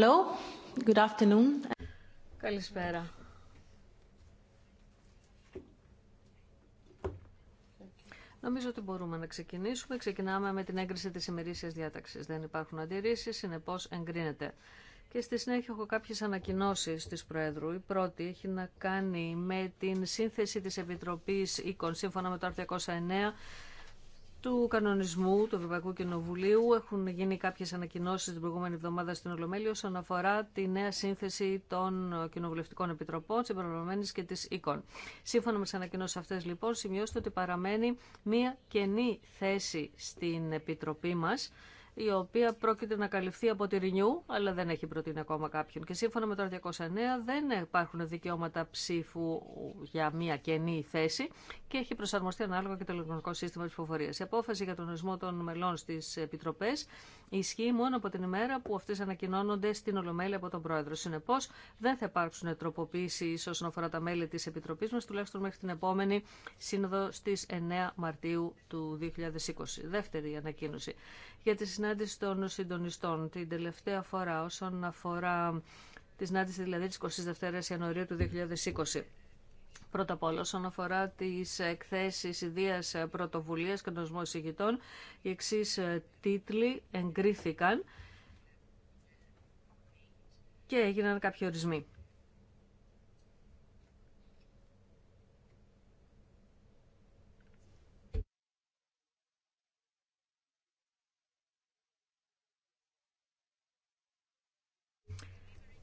Hello. Good afternoon. Καλησπέρα. Νομίζω ότι μπορούμε να ξεκινήσουμε. Ξεκινάμε με την έγκριση της ημερήσιας διάταξης. Δεν υπάρχουν αντιρρήσεις, Συνεπώ εγκρίνεται. Και στη συνέχεια έχω κάποιες ανακοινώσεις της Προέδρου. Η πρώτη έχει να κάνει με την σύνθεση της Επιτροπής Οίκων σύμφωνα με το άρθρο 209 του κανονισμού του Ευρωπαϊκού Κοινοβουλίου έχουν γίνει κάποιε ανακοινώσει την προηγούμενη εβδομάδα στην Ολομέλεια όσον αφορά τη νέα σύνθεση των κοινοβουλευτικών επιτροπών, τη Ευρωπαϊκής και τη ΕΚΟΝ. Σύμφωνα με τι ανακοινώσει αυτέ λοιπόν σημειώστε ότι παραμένει μία κενή θέση στην Επιτροπή μα η οποία πρόκειται να καλυφθεί από τη Ρινιού, αλλά δεν έχει προτείνει ακόμα κάποιον. Και σύμφωνα με το 209 δεν υπάρχουν δικαιώματα ψήφου για μια καινή θέση και έχει προσαρμοστεί ανάλογα και το ηλεκτρονικό σύστημα ψηφοφορία. Η απόφαση για τον ορισμό των μελών στι επιτροπέ ισχύει μόνο από την ημέρα που αυτέ ανακοινώνονται στην ολομέλη από τον Πρόεδρο. Συνεπώ, δεν θα υπάρξουν τροποποίησει όσον αφορά τα μέλη τη Επιτροπή μα, τουλάχιστον μέχρι την επόμενη σύνοδο στι 9 Μαρτίου του 2020. Δεύτερη ανακοίνωση για τη συνάντηση των συντονιστών την τελευταία φορά όσον αφορά τη συνάντηση δηλαδή της 22 Ιανουαρίου του 2020. Πρώτα απ' όλα, όσον αφορά τι εκθέσει ιδία πρωτοβουλία και νοσμό εισηγητών, οι εξή ε, τίτλοι εγκρίθηκαν και έγιναν κάποιοι ορισμοί.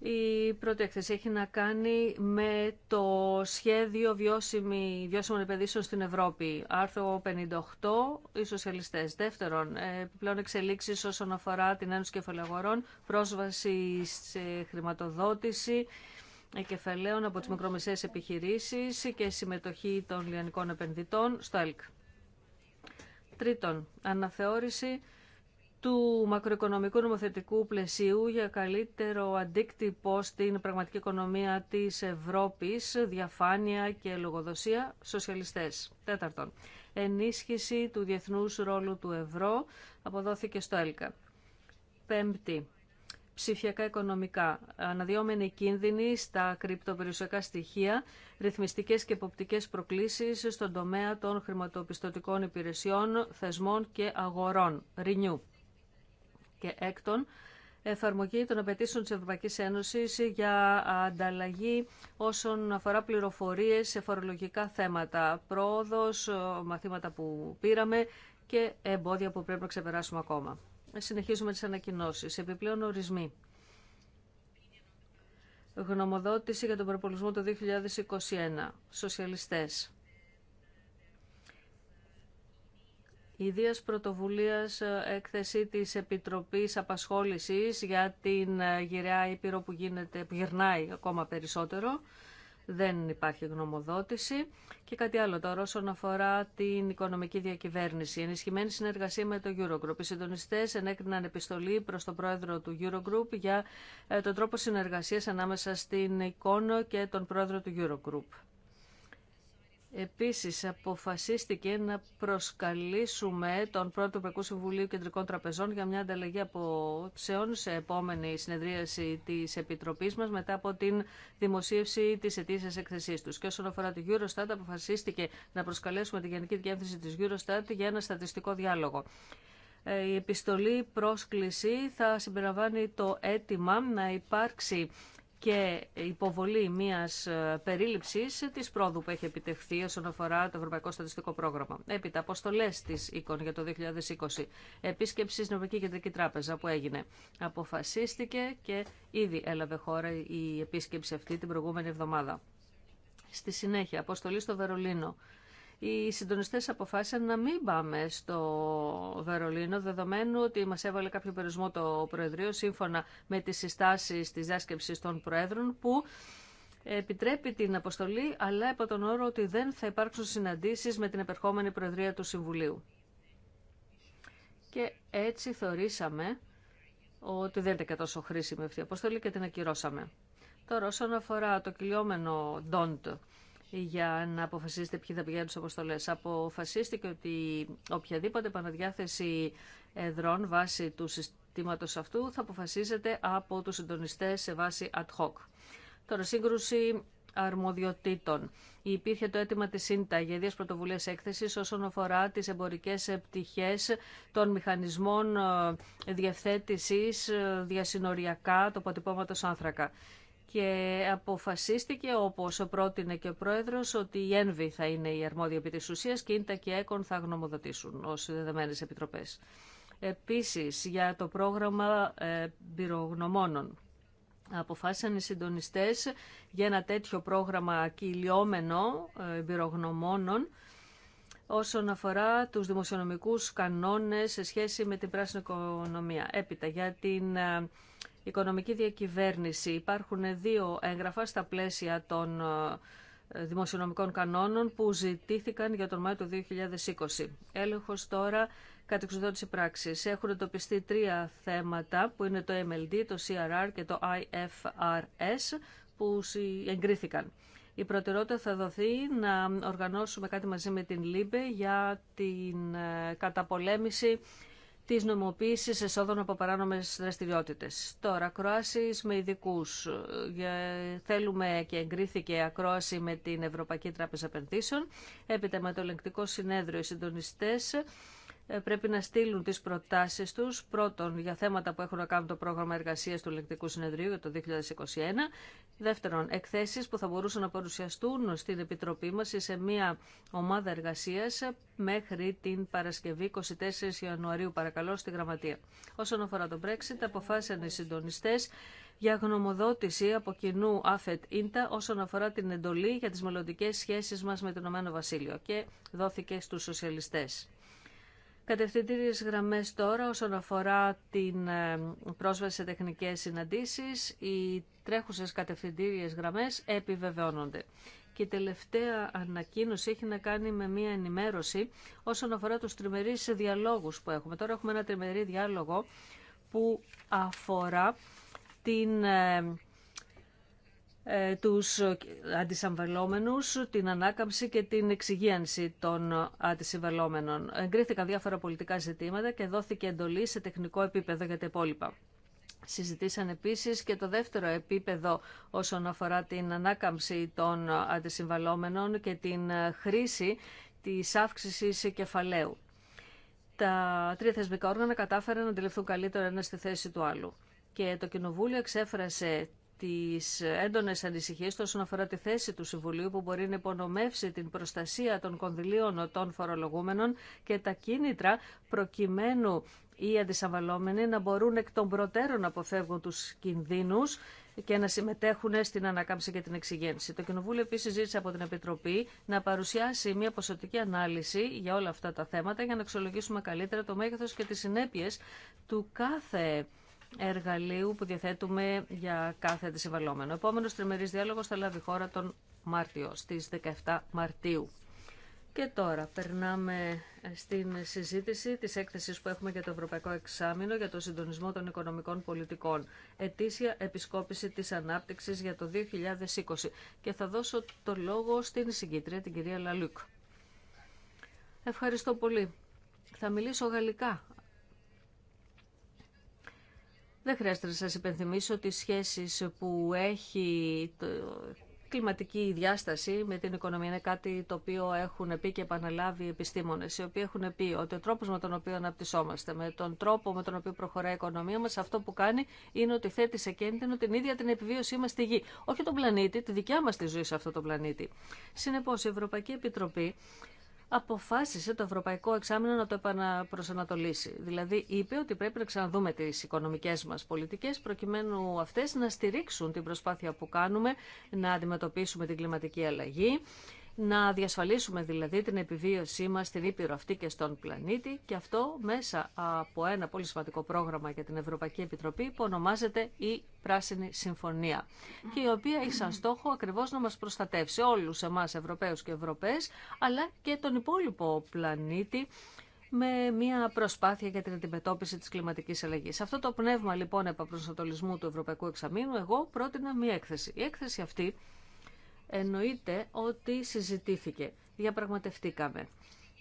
Η πρώτη έκθεση έχει να κάνει με το σχέδιο βιώσιμη, βιώσιμων επενδύσεων στην Ευρώπη. Άρθρο 58, οι σοσιαλιστέ. Δεύτερον, ε, επιπλέον εξελίξεις όσον αφορά την Ένωση Κεφαλαγορών, πρόσβαση σε χρηματοδότηση κεφαλαίων από τις μικρομεσαίες επιχειρήσεις και συμμετοχή των λιανικών επενδυτών στο ΕΛΚ. Τρίτον, αναθεώρηση του μακροοικονομικού νομοθετικού πλαισίου για καλύτερο αντίκτυπο στην πραγματική οικονομία της Ευρώπης, διαφάνεια και λογοδοσία, σοσιαλιστές. Τέταρτον, ενίσχυση του διεθνούς ρόλου του ευρώ αποδόθηκε στο ΕΛΚΑ. Πέμπτη, ψηφιακά οικονομικά, αναδυόμενοι κίνδυνοι στα κρυπτοπεριουσιακά στοιχεία, ρυθμιστικές και εποπτικές προκλήσεις στον τομέα των χρηματοπιστωτικών υπηρεσιών, θεσμών και αγορών. Renew. Και έκτον, εφαρμογή των απαιτήσεων της Ευρωπαϊκής Ένωσης για ανταλλαγή όσον αφορά πληροφορίες σε φορολογικά θέματα, πρόοδος, μαθήματα που πήραμε και εμπόδια που πρέπει να ξεπεράσουμε ακόμα. Συνεχίζουμε τις ανακοινώσεις. Επιπλέον ορισμοί. Γνωμοδότηση για τον προπολισμό το 2021. Σοσιαλιστές. Ιδία πρωτοβουλία ε, έκθεση της Επιτροπής Απασχόλησης για την ε, γυραιά Ήπειρο που, γίνεται, που γυρνάει ακόμα περισσότερο. Δεν υπάρχει γνωμοδότηση. Και κάτι άλλο τώρα όσον αφορά την οικονομική διακυβέρνηση. Ενισχυμένη συνεργασία με το Eurogroup. Οι συντονιστέ ενέκριναν επιστολή προ τον πρόεδρο του Eurogroup για ε, τον τρόπο συνεργασία ανάμεσα στην εικόνα και τον πρόεδρο του Eurogroup. Επίσης αποφασίστηκε να προσκαλήσουμε τον πρώτο Ευρωπαϊκό Συμβουλίου Κεντρικών Τραπεζών για μια ανταλλαγή απόψεων σε επόμενη συνεδρίαση της Επιτροπής μας μετά από την δημοσίευση της ετήσιας εκθεσής τους. Και όσον αφορά τη Eurostat αποφασίστηκε να προσκαλέσουμε τη Γενική Διεύθυνση της Eurostat για ένα στατιστικό διάλογο. Ε, η επιστολή πρόσκληση θα συμπεριλαμβάνει το αίτημα να υπάρξει και υποβολή μιας ε, περίληψης της πρόοδου που έχει επιτευχθεί όσον αφορά το Ευρωπαϊκό Στατιστικό Πρόγραμμα. Έπειτα, αποστολές της ΕΚΟΝ για το 2020, επίσκεψη στην Ευρωπαϊκή Κεντρική Τράπεζα που έγινε. Αποφασίστηκε και ήδη έλαβε χώρα η επίσκεψη αυτή την προηγούμενη εβδομάδα. Στη συνέχεια, αποστολή στο Βερολίνο οι συντονιστές αποφάσισαν να μην πάμε στο Βερολίνο, δεδομένου ότι μας έβαλε κάποιο περιορισμό το Προεδρείο, σύμφωνα με τις συστάσει της διάσκεψη των Προέδρων, που επιτρέπει την αποστολή, αλλά υπό τον όρο ότι δεν θα υπάρξουν συναντήσεις με την επερχόμενη Προεδρία του Συμβουλίου. Και έτσι θεωρήσαμε ότι δεν ήταν και τόσο χρήσιμη αυτή η αποστολή και την ακυρώσαμε. Τώρα, όσον αφορά το κυλιόμενο «Don't», για να αποφασίσετε ποιοι θα πηγαίνουν στις αποστολές. Αποφασίστηκε ότι οποιαδήποτε επαναδιάθεση εδρών βάσει του συστήματος αυτού θα αποφασίζεται από τους συντονιστέ σε βάση ad hoc. Τώρα, σύγκρουση αρμοδιοτήτων. Υπήρχε το αίτημα της ΣΥΝΤΑ για δύο πρωτοβουλίε έκθεσης όσον αφορά τις εμπορικές πτυχές των μηχανισμών ε, διευθέτηση ε, διασυνοριακά του άνθρακα και αποφασίστηκε όπως πρότεινε και ο Πρόεδρος ότι η ΕΝΒΗ θα είναι η αρμόδια επί ουσίας και ΙΝΤΑ και ΕΚΟΝ θα γνωμοδοτήσουν ως δεδεμένες επιτροπές. Επίσης για το πρόγραμμα ε, πυρογνωμόνων αποφάσισαν οι συντονιστές για ένα τέτοιο πρόγραμμα κυλιόμενο ε, πυρογνωμόνων όσον αφορά τους δημοσιονομικούς κανόνες σε σχέση με την πράσινη οικονομία. Έπειτα για την ε, οικονομική διακυβέρνηση. Υπάρχουν δύο έγγραφα στα πλαίσια των ε, δημοσιονομικών κανόνων που ζητήθηκαν για τον Μάιο του 2020. Έλεγχος τώρα κατεξουδότηση πράξης. Έχουν εντοπιστεί τρία θέματα που είναι το MLD, το CRR και το IFRS που εγκρίθηκαν. Η προτεραιότητα θα δοθεί να οργανώσουμε κάτι μαζί με την ΛΥΜΠΕ για την ε, καταπολέμηση Τη νομοποίησης εσόδων από παράνομες δραστηριότητες. Τώρα, ακρόασης με ειδικού. Θέλουμε και εγκρίθηκε ακρόαση με την Ευρωπαϊκή Τράπεζα Επενδύσεων. Έπειτα με το ελεγκτικό συνέδριο οι συντονιστές ε, πρέπει να στείλουν τις προτάσεις τους πρώτον για θέματα που έχουν να κάνουν το πρόγραμμα εργασίας του Ελεκτικού Συνεδρίου για το 2021 δεύτερον εκθέσεις που θα μπορούσαν να παρουσιαστούν στην Επιτροπή μας σε μια ομάδα εργασίας μέχρι την Παρασκευή 24 Ιανουαρίου παρακαλώ στη Γραμματεία. Όσον αφορά τον Brexit αποφάσισαν οι συντονιστές για γνωμοδότηση από κοινού ΑΦΕΤ Ίντα όσον αφορά την εντολή για τις μελλοντικέ σχέσεις μας με το Ηνωμένο Βασίλειο και δόθηκε στους σοσιαλιστές. Κατευθυντήριες γραμμές τώρα όσον αφορά την ε, πρόσβαση σε τεχνικές συναντήσεις, οι τρέχουσες κατευθυντήριες γραμμές επιβεβαιώνονται. Και η τελευταία ανακοίνωση έχει να κάνει με μία ενημέρωση όσον αφορά τους τριμερείς διαλόγους που έχουμε. Τώρα έχουμε ένα τριμερή διάλογο που αφορά την ε, ε, τους αντισαμβελόμενους, την ανάκαμψη και την εξυγίανση των αντισυμβελόμενων. Εγκρίθηκαν διάφορα πολιτικά ζητήματα και δόθηκε εντολή σε τεχνικό επίπεδο για τα υπόλοιπα. Συζητήσαν επίσης και το δεύτερο επίπεδο όσον αφορά την ανάκαμψη των αντισυμβαλόμενων και την χρήση της αύξησης κεφαλαίου. Τα τρία θεσμικά όργανα κατάφεραν να αντιληφθούν καλύτερα ένα στη θέση του άλλου. Και το Κοινοβούλιο εξέφρασε τις έντονες ανησυχίες όσον αφορά τη θέση του Συμβουλίου που μπορεί να υπονομεύσει την προστασία των κονδυλίων των φορολογούμενων και τα κίνητρα προκειμένου οι αντισαβαλόμενοι να μπορούν εκ των προτέρων να αποφεύγουν τους κινδύνους και να συμμετέχουν στην ανακάμψη και την εξηγένση. Το Κοινοβούλιο επίση ζήτησε από την Επιτροπή να παρουσιάσει μια ποσοτική ανάλυση για όλα αυτά τα θέματα για να αξιολογήσουμε καλύτερα το μέγεθο και τι συνέπειε του κάθε εργαλείου που διαθέτουμε για κάθε αντισυμβαλόμενο. Ο επόμενος τριμερής διάλογος θα λάβει χώρα τον Μάρτιο, στις 17 Μαρτίου. Και τώρα περνάμε στην συζήτηση της έκθεσης που έχουμε για το Ευρωπαϊκό Εξάμεινο για το συντονισμό των οικονομικών πολιτικών. Ετήσια επισκόπηση της ανάπτυξης για το 2020. Και θα δώσω το λόγο στην συγκίτρια, την κυρία Λαλούκ. Ευχαριστώ πολύ. Θα μιλήσω γαλλικά, δεν χρειάζεται να σας υπενθυμίσω οι σχέσεις που έχει το κλιματική διάσταση με την οικονομία είναι κάτι το οποίο έχουν πει και επαναλάβει οι επιστήμονες, οι οποίοι έχουν πει ότι ο τρόπο με τον οποίο αναπτυσσόμαστε, με τον τρόπο με τον οποίο προχωράει η οικονομία μα αυτό που κάνει είναι ότι θέτει σε κίνδυνο την ίδια την επιβίωσή μα στη γη. Όχι τον πλανήτη, τη δικιά μα τη ζωή σε αυτό το πλανήτη. Συνεπώ η Ευρωπαϊκή Επιτροπή αποφάσισε το Ευρωπαϊκό Εξάμεινο να το επαναπροσανατολίσει. Δηλαδή είπε ότι πρέπει να ξαναδούμε τις οικονομικές μας πολιτικές προκειμένου αυτές να στηρίξουν την προσπάθεια που κάνουμε να αντιμετωπίσουμε την κλιματική αλλαγή να διασφαλίσουμε δηλαδή την επιβίωσή μας στην Ήπειρο αυτή και στον πλανήτη και αυτό μέσα από ένα πολύ σημαντικό πρόγραμμα για την Ευρωπαϊκή Επιτροπή που ονομάζεται η Πράσινη Συμφωνία και η οποία έχει σαν στόχο ακριβώς να μας προστατεύσει όλους εμάς Ευρωπαίους και Ευρωπαίες αλλά και τον υπόλοιπο πλανήτη με μια προσπάθεια για την αντιμετώπιση της κλιματικής αλλαγή. Σε αυτό το πνεύμα λοιπόν επαπροσανατολισμού του Ευρωπαϊκού Εξαμήνου εγώ πρότεινα μια έκθεση. Η έκθεση αυτή εννοείται ότι συζητήθηκε, διαπραγματευτήκαμε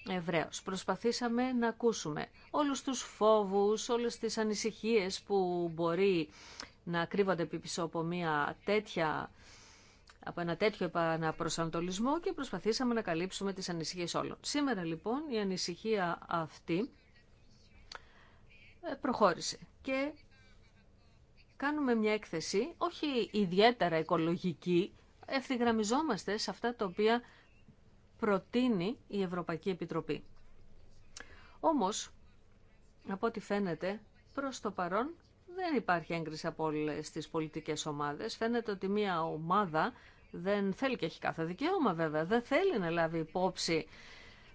ευρέως. Προσπαθήσαμε να ακούσουμε όλους τους φόβους, όλες τις ανησυχίες που μπορεί να κρύβονται πίσω από μια τέτοια από ένα τέτοιο επαναπροσανατολισμό και προσπαθήσαμε να καλύψουμε τις ανησυχίες όλων. Σήμερα λοιπόν η ανησυχία αυτή ε, προχώρησε και κάνουμε μια έκθεση όχι ιδιαίτερα οικολογική ευθυγραμμιζόμαστε σε αυτά τα οποία προτείνει η Ευρωπαϊκή Επιτροπή. Όμως, από ό,τι φαίνεται, προς το παρόν δεν υπάρχει έγκριση από όλε τι πολιτικές ομάδες. Φαίνεται ότι μια ομάδα δεν θέλει και έχει κάθε δικαίωμα βέβαια, δεν θέλει να λάβει υπόψη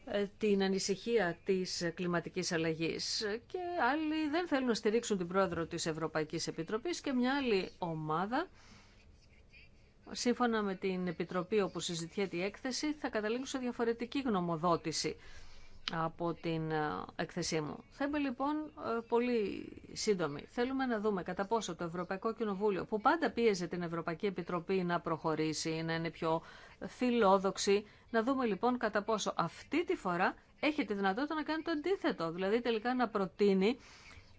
ε, την ανησυχία της κλιματικής αλλαγής και άλλοι δεν θέλουν να στηρίξουν την πρόεδρο της Ευρωπαϊκής Επιτροπής και μια άλλη ομάδα σύμφωνα με την Επιτροπή όπου συζητιέται η έκθεση, θα καταλήξω σε διαφορετική γνωμοδότηση από την ε, έκθεσή μου. Θα είμαι λοιπόν ε, πολύ σύντομη. Θέλουμε να δούμε κατά πόσο το Ευρωπαϊκό Κοινοβούλιο, που πάντα πίεζε την Ευρωπαϊκή Επιτροπή να προχωρήσει, να είναι πιο φιλόδοξη, να δούμε λοιπόν κατά πόσο αυτή τη φορά έχει τη δυνατότητα να κάνει το αντίθετο, δηλαδή τελικά να προτείνει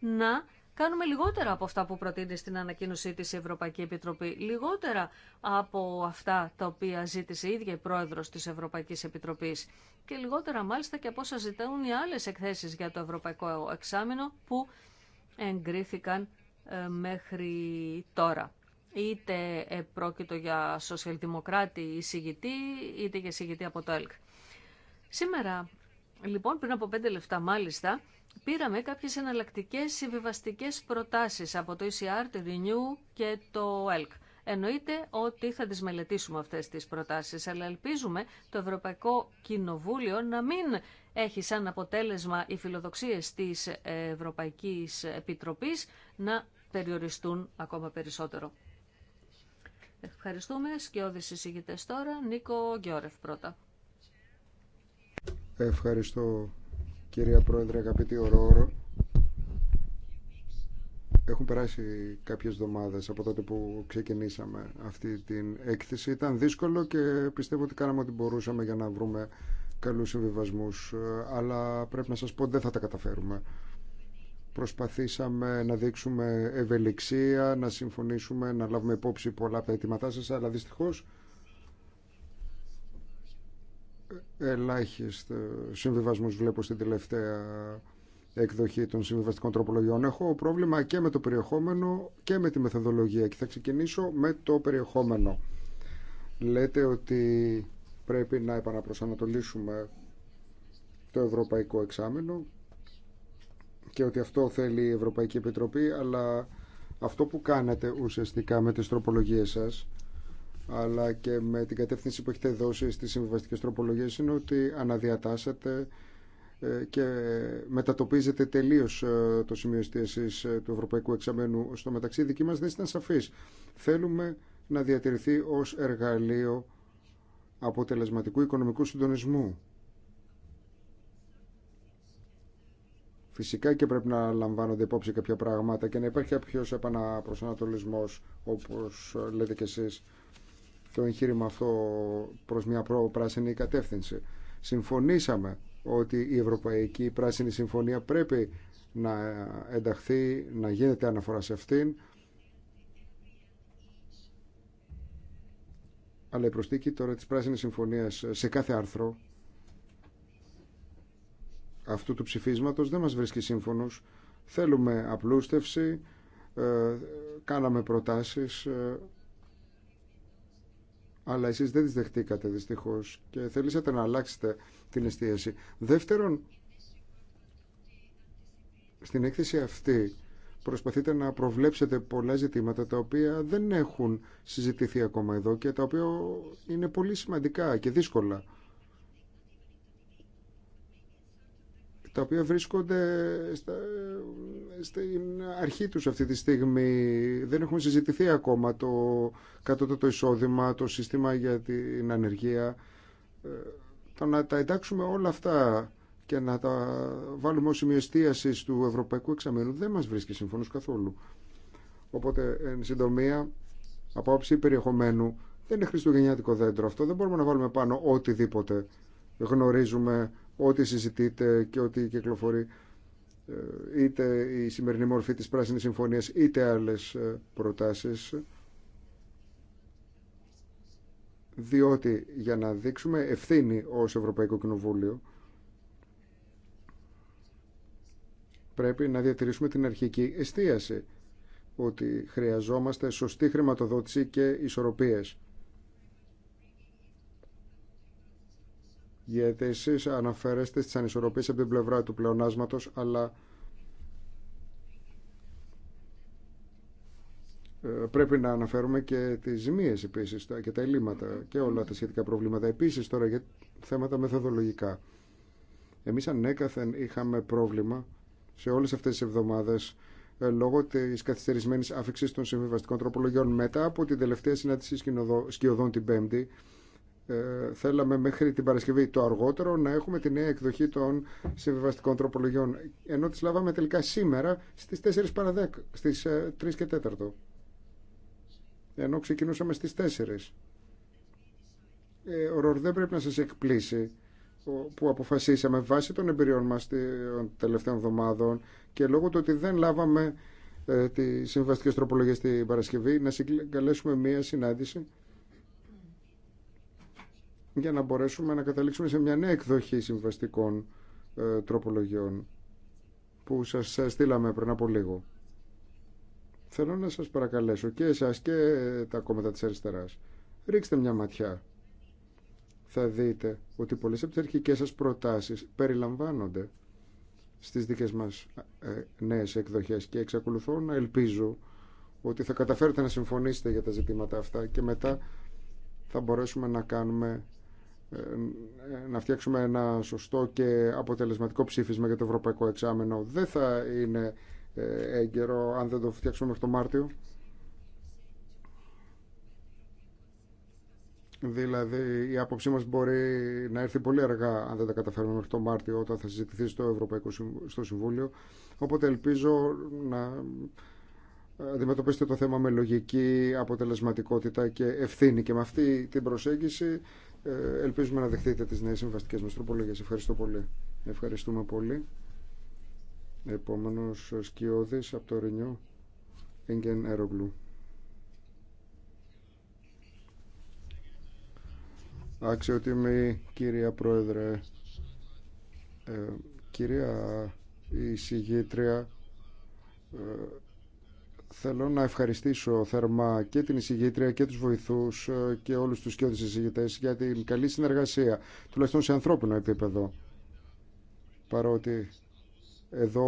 να Κάνουμε λιγότερα από αυτά που προτείνει στην ανακοίνωσή της η Ευρωπαϊκή Επιτροπή, λιγότερα από αυτά τα οποία ζήτησε η ίδια η πρόεδρος της Ευρωπαϊκής Επιτροπής και λιγότερα μάλιστα και από όσα ζητούν οι άλλες εκθέσεις για το Ευρωπαϊκό Εξάμεινο που εγκρίθηκαν ε, μέχρι τώρα. Είτε πρόκειτο για σοσιαλδημοκράτη συγητή, είτε για συγητή από το ΕΛΚ. Σήμερα, λοιπόν, πριν από πέντε λεφτά μάλιστα, πήραμε κάποιες εναλλακτικές συμβιβαστικέ προτάσεις από το ECR, τη Renew και το ELK. Εννοείται ότι θα τις μελετήσουμε αυτές τις προτάσεις, αλλά ελπίζουμε το Ευρωπαϊκό Κοινοβούλιο να μην έχει σαν αποτέλεσμα οι φιλοδοξίες της Ευρωπαϊκής Επιτροπής να περιοριστούν ακόμα περισσότερο. Ευχαριστούμε. Σκιώδης εισηγητές τώρα. Νίκο Γκιόρεφ πρώτα. Ευχαριστώ Κυρία Πρόεδρε, ο ρόρο, έχουν περάσει κάποιες εβδομάδες από τότε που ξεκινήσαμε αυτή την έκθεση. Ήταν δύσκολο και πιστεύω ότι κάναμε ό,τι μπορούσαμε για να βρούμε καλούς συμβιβασμούς. Αλλά πρέπει να σας πω ότι δεν θα τα καταφέρουμε. Προσπαθήσαμε να δείξουμε ευελιξία, να συμφωνήσουμε, να λάβουμε υπόψη πολλά από τα αιτήματά σας, αλλά δυστυχώς ελάχιστο ε, συμβιβασμούς βλέπω στην τελευταία εκδοχή των συμβιβαστικών τροπολογιών. Έχω πρόβλημα και με το περιεχόμενο και με τη μεθοδολογία και θα ξεκινήσω με το περιεχόμενο. Λέτε ότι πρέπει να επαναπροσανατολίσουμε το ευρωπαϊκό εξάμενο και ότι αυτό θέλει η Ευρωπαϊκή Επιτροπή, αλλά αυτό που κάνετε ουσιαστικά με τις τροπολογίες σας αλλά και με την κατεύθυνση που έχετε δώσει στις συμβιβαστικές τροπολογίες είναι ότι αναδιατάσσετε και μετατοπίζετε τελείω ε, το σημείο εστίαση ε, του Ευρωπαϊκού Εξαμένου. Στο μεταξύ, η δική μα δεν ήταν σαφής. Θέλουμε να διατηρηθεί ω εργαλείο αποτελεσματικού οικονομικού συντονισμού. Φυσικά και πρέπει να λαμβάνονται υπόψη κάποια πράγματα και να υπάρχει κάποιο επαναπροσανατολισμό, όπω λέτε κι εσεί το εγχείρημα αυτό προς μια πράσινη κατεύθυνση. Συμφωνήσαμε ότι η Ευρωπαϊκή Πράσινη Συμφωνία πρέπει να ενταχθεί, να γίνεται αναφορά σε αυτήν. Αλλά η προστίκη τώρα της Πράσινης Συμφωνίας σε κάθε άρθρο αυτού του ψηφίσματος δεν μας βρίσκει σύμφωνος. Θέλουμε απλούστευση, ε, κάναμε προτάσεις, ε, αλλά εσείς δεν τις δεχτήκατε δυστυχώς και θέλησατε να αλλάξετε την εστίαση. Δεύτερον, στην έκθεση αυτή προσπαθείτε να προβλέψετε πολλά ζητήματα τα οποία δεν έχουν συζητηθεί ακόμα εδώ και τα οποία είναι πολύ σημαντικά και δύσκολα. τα οποία βρίσκονται στα, στην αρχή τους αυτή τη στιγμή. Δεν έχουμε συζητηθεί ακόμα το κατώτατο εισόδημα, το σύστημα για την ανεργία. Ε, το να τα εντάξουμε όλα αυτά και να τα βάλουμε ως σημειοστίαση εστίασης του Ευρωπαϊκού Εξαμενού δεν μας βρίσκει σύμφωνος καθόλου. Οπότε, εν συντομία, από όψη περιεχομένου, δεν είναι χριστουγεννιάτικο δέντρο αυτό. Δεν μπορούμε να βάλουμε πάνω οτιδήποτε γνωρίζουμε ό,τι συζητείτε και ό,τι κυκλοφορεί ε, είτε η σημερινή μορφή της Πράσινης Συμφωνίας είτε άλλες ε, προτάσεις διότι για να δείξουμε ευθύνη ως Ευρωπαϊκό Κοινοβούλιο πρέπει να διατηρήσουμε την αρχική εστίαση ότι χρειαζόμαστε σωστή χρηματοδότηση και ισορροπίες γιατί εσεί αναφέρεστε στις ανισορροπίες από την πλευρά του πλεονάσματο, αλλά ε, πρέπει να αναφέρουμε και τις ζημίες επίση και τα ελλείμματα και όλα τα σχετικά προβλήματα. Επίση τώρα για θέματα μεθοδολογικά. Εμείς ανέκαθεν είχαμε πρόβλημα σε όλες αυτές τις εβδομάδες ε, λόγω της καθυστερησμένης άφηξη των συμβιβαστικών τροπολογιών μετά από την τελευταία συνάντηση σκιωδών την Πέμπτη ε, θέλαμε μέχρι την Παρασκευή το αργότερο να έχουμε τη νέα εκδοχή των συμβιβαστικών τροπολογιών. Ενώ τις λάβαμε τελικά σήμερα στις 4 παρα 10, στις 3 ε, και 4. Ενώ ξεκινούσαμε στις 4. Ε, ο Ρορ δεν πρέπει να σας εκπλήσει που αποφασίσαμε βάσει των εμπειριών μας των τελευταίων εβδομάδων και λόγω του ότι δεν λάβαμε τις συμβαστικές τροπολογίες την Παρασκευή να συγκαλέσουμε μία συνάντηση για να μπορέσουμε να καταλήξουμε σε μια νέα εκδοχή συμβαστικών ε, τροπολογιών που σας στείλαμε πριν από λίγο. Θέλω να σας παρακαλέσω και εσάς και ε, τα κόμματα της αριστεράς. Ρίξτε μια ματιά. Θα δείτε ότι πολλές από τις αρχικές σας προτάσεις περιλαμβάνονται στις δικές μας ε, νέες εκδοχές και εξακολουθώ να ελπίζω ότι θα καταφέρετε να συμφωνήσετε για τα ζητήματα αυτά και μετά θα μπορέσουμε να κάνουμε να φτιάξουμε ένα σωστό και αποτελεσματικό ψήφισμα για το ευρωπαϊκό εξάμενο. Δεν θα είναι ε, έγκαιρο αν δεν το φτιάξουμε μέχρι το Μάρτιο. Δηλαδή η άποψή μας μπορεί να έρθει πολύ αργά αν δεν τα καταφέρουμε μέχρι το Μάρτιο όταν θα συζητηθεί στο Ευρωπαϊκό στο Συμβούλιο. Οπότε ελπίζω να αντιμετωπίσετε το θέμα με λογική αποτελεσματικότητα και ευθύνη και με αυτή την προσέγγιση ε, ελπίζουμε να δεχτείτε τις νέες συμβαστικές μας τροπολογίες. Ευχαριστώ πολύ. Ευχαριστούμε πολύ. Επόμενος ε, σκιώδης από το Ρενιό, Εγγεν Άξιο Αξιότιμη κυρία Πρόεδρε, ε, κυρία εισηγήτρια, Θέλω να ευχαριστήσω θερμά και την εισηγήτρια και τους βοηθούς ε, και όλους τους κοιόδους εισηγητές για την καλή συνεργασία, τουλάχιστον σε ανθρώπινο επίπεδο. Παρότι εδώ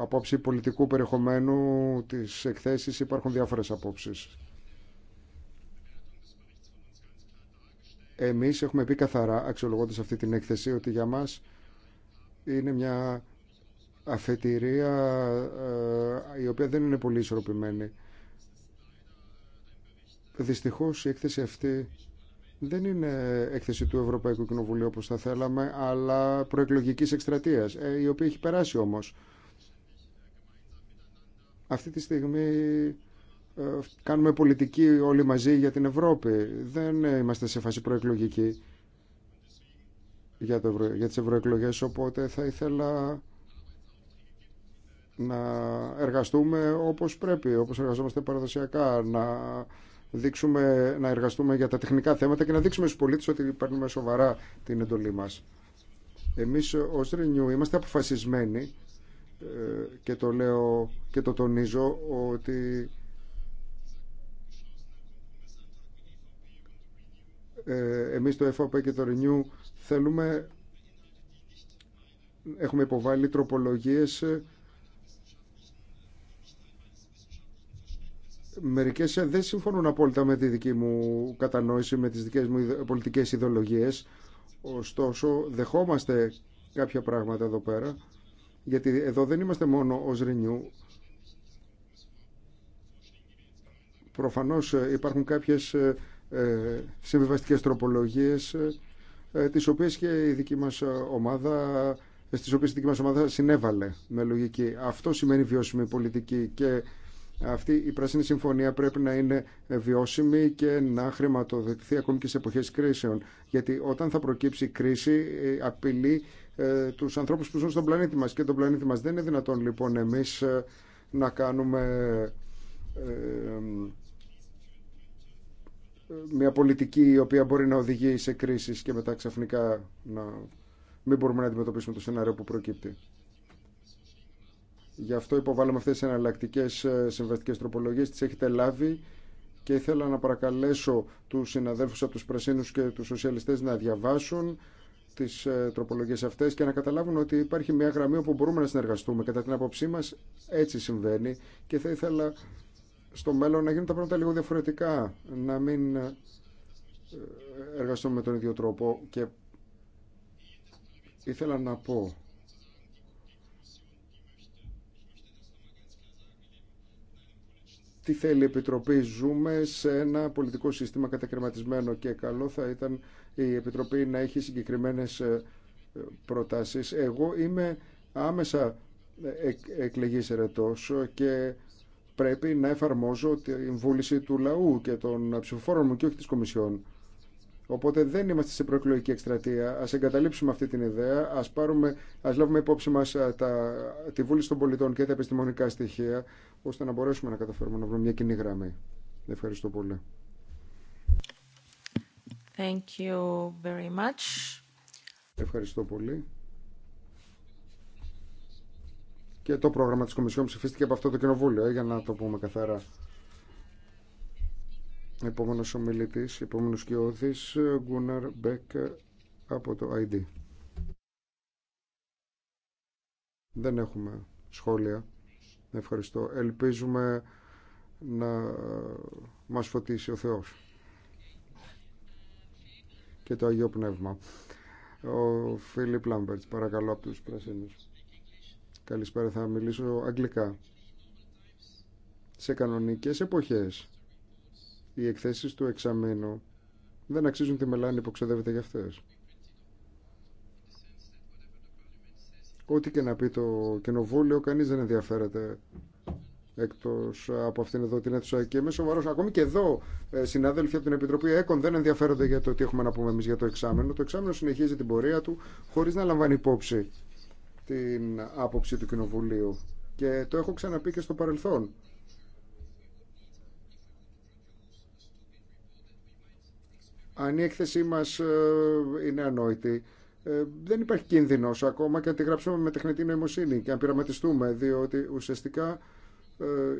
απόψη πολιτικού περιεχομένου της εκθέσεις υπάρχουν διάφορες απόψεις. Εμείς έχουμε πει καθαρά, αξιολογώντας αυτή την έκθεση, ότι για μας είναι μια αφετηρία ε, η οποία δεν είναι πολύ ισορροπημένη. Δυστυχώς η έκθεση αυτή δεν είναι έκθεση του Ευρωπαϊκού Κοινοβουλίου όπως θα θέλαμε, αλλά προεκλογικής εκστρατείας, ε, η οποία έχει περάσει όμως. Αυτή τη στιγμή ε, κάνουμε πολιτική όλοι μαζί για την Ευρώπη. Δεν είμαστε σε φάση προεκλογική για, το, για τις ευρωεκλογές, οπότε θα ήθελα να εργαστούμε όπως πρέπει, όπως εργαζόμαστε παραδοσιακά, να δείξουμε, να εργαστούμε για τα τεχνικά θέματα και να δείξουμε στους πολίτες ότι παίρνουμε σοβαρά την εντολή μας. Εμείς ως Renew είμαστε αποφασισμένοι ε, και το λέω και το τονίζω ότι ε, εμείς το FAP και το Renew θέλουμε έχουμε υποβάλει τροπολογίες Μερικέ ε, δεν συμφωνούν απόλυτα με τη δική μου κατανόηση, με τις δικές μου πολιτικές ιδεολογίε. Ωστόσο, δεχόμαστε κάποια πράγματα εδώ πέρα, γιατί εδώ δεν είμαστε μόνο ως Renew. Προφανώς ε, υπάρχουν κάποιες ε, συμβιβαστικές τροπολογίες, τις οποίες και η δική μας ομάδα στις οποίες η δική μας ομάδα συνέβαλε με λογική. Αυτό σημαίνει βιώσιμη πολιτική και αυτή η πράσινη συμφωνία πρέπει να είναι βιώσιμη και να χρηματοδοτηθεί ακόμη και σε εποχές κρίσεων. Γιατί όταν θα προκύψει κρίση ε, απειλεί ε, τους ανθρώπους που ζουν στον πλανήτη μας και τον πλανήτη μας. Δεν είναι δυνατόν λοιπόν εμείς ε, να κάνουμε ε, μια πολιτική η οποία μπορεί να οδηγεί σε κρίσεις και μετά ξαφνικά να μην μπορούμε να αντιμετωπίσουμε το σενάριο που προκύπτει. Γι' αυτό υποβάλαμε αυτές τις εναλλακτικέ ε, συμβαστικές τροπολογίες, τις έχετε λάβει και ήθελα να παρακαλέσω τους συναδέλφους από τους Πρασίνους και τους Σοσιαλιστές να διαβάσουν τις ε, τροπολογίες αυτές και να καταλάβουν ότι υπάρχει μια γραμμή όπου μπορούμε να συνεργαστούμε. Κατά την άποψή μας έτσι συμβαίνει και θα ήθελα στο μέλλον να γίνουν τα πράγματα λίγο διαφορετικά, να μην ε, εργαστούμε με τον ίδιο τρόπο και ήθελα να πω τι θέλει η Επιτροπή. Ζούμε σε ένα πολιτικό σύστημα κατακρεματισμένο και καλό θα ήταν η Επιτροπή να έχει συγκεκριμένες ε, προτάσεις. Εγώ είμαι άμεσα ε, εκλεγής ερετός και πρέπει να εφαρμόζω την βούληση του λαού και των ψηφοφόρων μου και όχι της Κομισιόν. Οπότε δεν είμαστε σε προεκλογική εκστρατεία. Α εγκαταλείψουμε αυτή την ιδέα. Α πάρουμε, ας λάβουμε υπόψη μα ε, τη βούληση των πολιτών και τα επιστημονικά στοιχεία, ώστε να μπορέσουμε να καταφέρουμε να βρούμε μια κοινή γραμμή. Ευχαριστώ πολύ. Thank you very much. Ευχαριστώ πολύ. Και το πρόγραμμα της Κομισιόν ψηφίστηκε από αυτό το κοινοβούλιο, ε, για να το πούμε καθαρά. Επόμενος ομιλητής, επόμενος κοιόδης, Γκούναρ Μπέκ από το ID. Δεν έχουμε σχόλια. Ευχαριστώ. Ελπίζουμε να μας φωτίσει ο Θεός και το Αγίο Πνεύμα. Ο Φίλιπ Λάμπερτς, παρακαλώ από τους πράσινους. Καλησπέρα, θα μιλήσω αγγλικά. Σε κανονικές εποχές οι εκθέσει του εξαμένου δεν αξίζουν τη μελάνη που ξοδεύεται για αυτές. Ό,τι και να πει το κοινοβούλιο, κανείς δεν ενδιαφέρεται εκτός από αυτήν εδώ την αίθουσα και είμαι σοβαρός. Ακόμη και εδώ, ε, συνάδελφοι από την Επιτροπή ΕΚΟΝ δεν ενδιαφέρονται για το τι έχουμε να πούμε εμείς για το εξάμενο. Το εξάμενο συνεχίζει την πορεία του χωρίς να λαμβάνει υπόψη την άποψη του Κοινοβουλίου. Και το έχω ξαναπεί και στο παρελθόν. αν η έκθεσή μας ε, είναι ανόητη, ε, δεν υπάρχει κίνδυνος ακόμα και αν τη γράψουμε με τεχνητή νοημοσύνη και αν πειραματιστούμε, διότι ουσιαστικά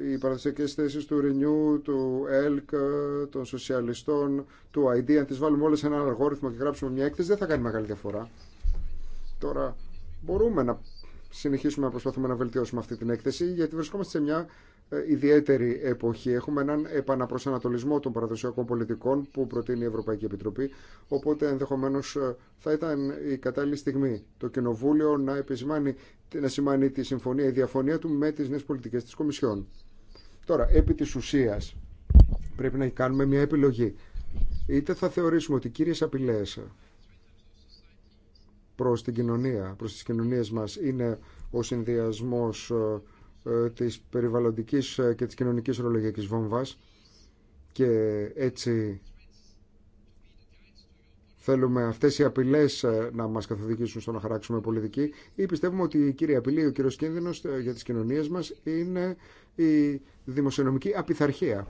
ε, οι παραδοσιακέ θέσεις του Renew, του ΕΛΚ, των σοσιαλιστών, του ID, αν τις βάλουμε όλες σε έναν αλγόριθμο και γράψουμε μια έκθεση, δεν θα κάνει μεγάλη διαφορά. Τώρα μπορούμε να συνεχίσουμε να προσπαθούμε να βελτιώσουμε αυτή την έκθεση, γιατί βρισκόμαστε σε μια ε, ιδιαίτερη εποχή. Έχουμε έναν επαναπροσανατολισμό των παραδοσιακών πολιτικών που προτείνει η Ευρωπαϊκή Επιτροπή. Οπότε ενδεχομένω ε, θα ήταν η κατάλληλη στιγμή το Κοινοβούλιο να, επισημάνει, σημάνει τη συμφωνία, η διαφωνία του με τι νέε πολιτικέ τη Κομισιόν. Τώρα, επί τη ουσία, πρέπει να κάνουμε μια επιλογή. Είτε θα θεωρήσουμε ότι κύριε απειλέ προ την κοινωνία, προ τι κοινωνίε μα είναι ο συνδυασμό. Ε, ε, της περιβαλλοντικής ε, και της κοινωνικής ορολογιακής βόμβας και έτσι θέλουμε αυτές οι απειλές ε, να μας καθοδηγήσουν στο να χαράξουμε πολιτική ή πιστεύουμε ότι η κύρια απειλή, ο κύριος κίνδυνος για τις κοινωνίες μας είναι η δημοσιονομική απειθαρχία.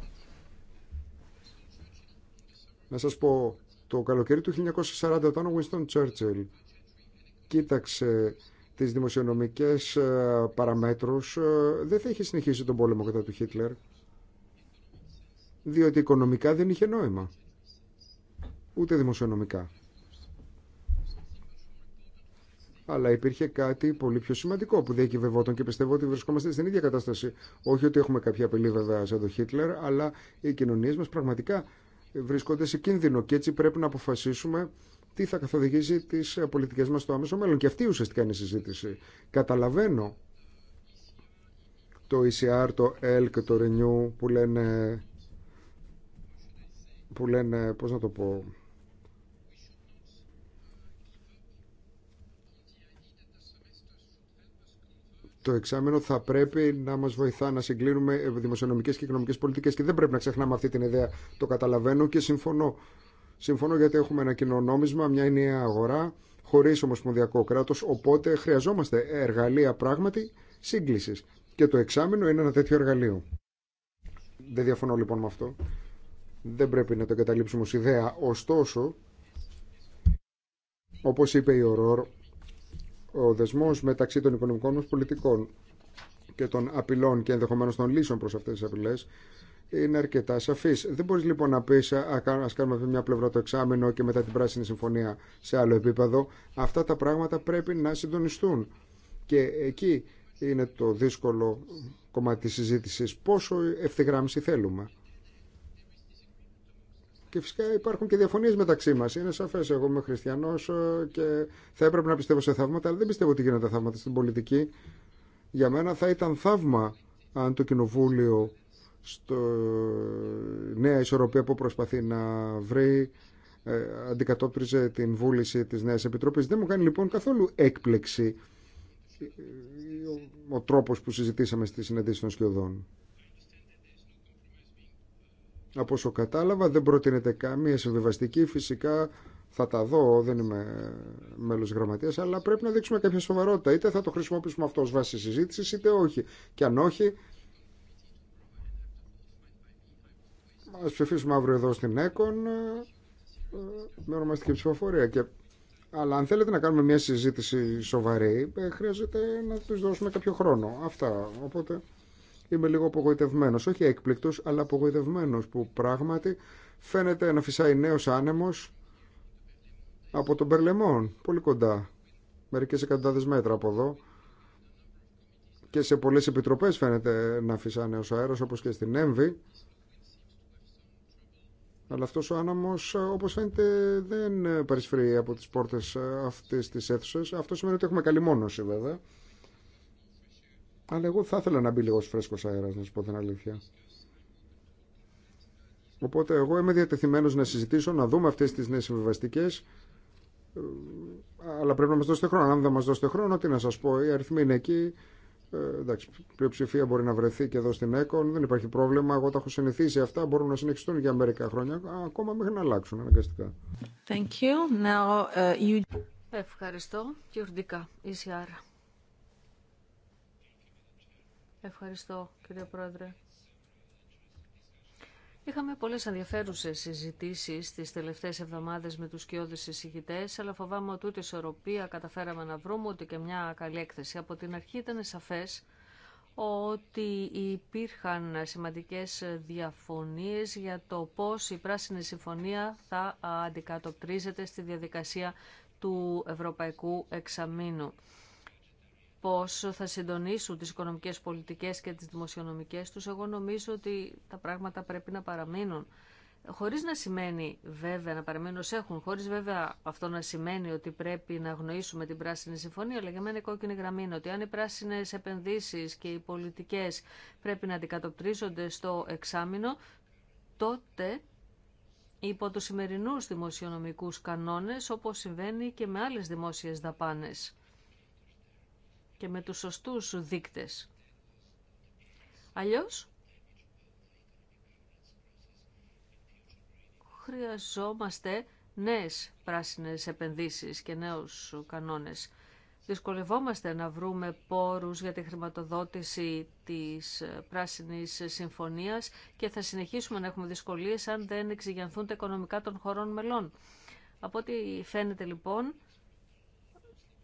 Να σας πω, το καλοκαίρι του 1940 όταν ο Winston Churchill κοίταξε τις δημοσιονομικές ε, παραμέτρους ε, δεν θα είχε συνεχίσει τον πόλεμο κατά του Χίτλερ διότι οικονομικά δεν είχε νόημα ούτε δημοσιονομικά αλλά υπήρχε κάτι πολύ πιο σημαντικό που διακυβευόταν και πιστεύω ότι βρισκόμαστε στην ίδια κατάσταση. Όχι ότι έχουμε κάποια απειλή βέβαια σαν τον Χίτλερ, αλλά οι κοινωνίε μα πραγματικά βρίσκονται σε κίνδυνο και έτσι πρέπει να αποφασίσουμε τι θα καθοδηγήσει τις ε, πολιτικέ μας στο άμεσο μέλλον. Και αυτή ουσιαστικά είναι η συζήτηση. Καταλαβαίνω το ECR, το ELK, το Renew που λένε, που λένε πώς να το πω, το εξάμενο θα πρέπει να μα βοηθά να συγκλίνουμε δημοσιονομικέ και οικονομικέ πολιτικέ. Και δεν πρέπει να ξεχνάμε αυτή την ιδέα. Το καταλαβαίνω και συμφωνώ. Συμφωνώ γιατί έχουμε ένα κοινό νόμισμα, μια ενιαία αγορά, χωρίς ομοσπονδιακό κράτο, οπότε χρειαζόμαστε εργαλεία πράγματι σύγκληση. Και το εξάμεινο είναι ένα τέτοιο εργαλείο. Δεν διαφωνώ λοιπόν με αυτό. Δεν πρέπει να το καταλήψουμε ως ιδέα. Ωστόσο, όπως είπε η Ορόρ, ο δεσμός μεταξύ των οικονομικών μα πολιτικών και των απειλών και ενδεχομένω των λύσεων προ αυτέ τι απειλέ είναι αρκετά σαφή. Δεν μπορεί λοιπόν να πει α κάνουμε από μια πλευρά το εξάμεινο και μετά την πράσινη συμφωνία σε άλλο επίπεδο. Αυτά τα πράγματα πρέπει να συντονιστούν. Και εκεί είναι το δύσκολο κομμάτι τη συζήτηση. Πόσο ευθυγράμμιση θέλουμε. Και φυσικά υπάρχουν και διαφωνίε μεταξύ μα. Είναι σαφέ. Εγώ είμαι χριστιανό ε, και θα έπρεπε να πιστεύω σε θαύματα, αλλά δεν πιστεύω ότι γίνονται θαύματα στην πολιτική. Για μένα θα ήταν θαύμα αν το κοινοβούλιο στο νέα ισορροπία που προσπαθεί να βρει ε, αντικατόπτριζε την βούληση της Νέας Επιτροπής. Δεν μου κάνει λοιπόν καθόλου έκπλεξη ε, ο τρόπος που συζητήσαμε στη συναντήση των σκιωδών. Από όσο κατάλαβα δεν προτείνεται καμία συμβιβαστική. Φυσικά θα τα δω, δεν είμαι μέλος γραμματείας, αλλά πρέπει να δείξουμε κάποια σοβαρότητα. Είτε θα το χρησιμοποιήσουμε αυτό ως βάση συζήτησης, είτε όχι. Και αν όχι, Ας ψηφίσουμε αύριο εδώ στην ΕΚΟΝ ε, ε, με ονομαστική ψηφοφορία. Και... Αλλά αν θέλετε να κάνουμε μια συζήτηση σοβαρή, ε, χρειάζεται να του δώσουμε κάποιο χρόνο. Αυτά. Οπότε είμαι λίγο απογοητευμένο. Όχι έκπληκτο, αλλά απογοητευμένο που πράγματι φαίνεται να φυσάει νέο άνεμο από τον Περλεμόν, πολύ κοντά. Μερικέ εκατοντάδε μέτρα από εδώ. Και σε πολλέ επιτροπέ φαίνεται να φυσάει νέο αέρα, όπω και στην Έμβη. Αλλά αυτός ο άναμος, ε, όπως φαίνεται, δεν ε, παρισφρεί από τις πόρτες ε, αυτή της αίθουσα. Αυτό σημαίνει ότι έχουμε καλή μόνωση, βέβαια. Αλλά εγώ θα ήθελα να μπει λίγο φρέσκος αέρας, να σου πω την αλήθεια. Οπότε εγώ είμαι διατεθειμένος να συζητήσω, να δούμε αυτές τις νέες συμβιβαστικέ. Αλλά πρέπει να μας δώσετε χρόνο. Αν δεν μας δώσετε χρόνο, τι να σας πω. Οι αριθμοί είναι εκεί. Ε, εντάξει, πλειοψηφία μπορεί να βρεθεί και εδώ στην ΕΚΟΝ, δεν υπάρχει πρόβλημα. Εγώ τα έχω συνηθίσει αυτά, μπορούν να συνεχιστούν για μερικά χρόνια, ακόμα μέχρι να αλλάξουν αναγκαστικά. Thank you. Now, uh, Ευχαριστώ. Ισιάρα. Ευχαριστώ, κύριε Πρόεδρε. Είχαμε πολλές ενδιαφέρουσε συζητήσει τις τελευταίες εβδομάδες με τους κοιόδες συζητητέ, αλλά φοβάμαι ότι ούτε ισορροπία καταφέραμε να βρούμε, ούτε και μια καλή έκθεση. Από την αρχή ήταν σαφές ότι υπήρχαν σημαντικές διαφωνίες για το πώς η Πράσινη Συμφωνία θα αντικατοπτρίζεται στη διαδικασία του Ευρωπαϊκού Εξαμήνου. Πώ θα συντονίσουν τις οικονομικές πολιτικές και τις δημοσιονομικές τους, εγώ νομίζω ότι τα πράγματα πρέπει να παραμείνουν. Χωρίς να σημαίνει βέβαια να παραμείνουν ω έχουν, χωρίς βέβαια αυτό να σημαίνει ότι πρέπει να αγνοήσουμε την πράσινη συμφωνία, αλλά για μένα η κόκκινη γραμμή είναι ότι αν οι πράσινες επενδύσεις και οι πολιτικές πρέπει να αντικατοπτρίζονται στο εξάμεινο, τότε υπό τους σημερινούς δημοσιονομικούς κανόνες, όπως συμβαίνει και με άλλες δημόσιες δαπάνες και με τους σωστούς δείκτες. Αλλιώς, χρειαζόμαστε νέες πράσινες επενδύσεις και νέους κανόνες. Δυσκολευόμαστε να βρούμε πόρους για τη χρηματοδότηση της Πράσινης Συμφωνίας και θα συνεχίσουμε να έχουμε δυσκολίες αν δεν εξηγιανθούν τα οικονομικά των χωρών μελών. Από ό,τι φαίνεται λοιπόν,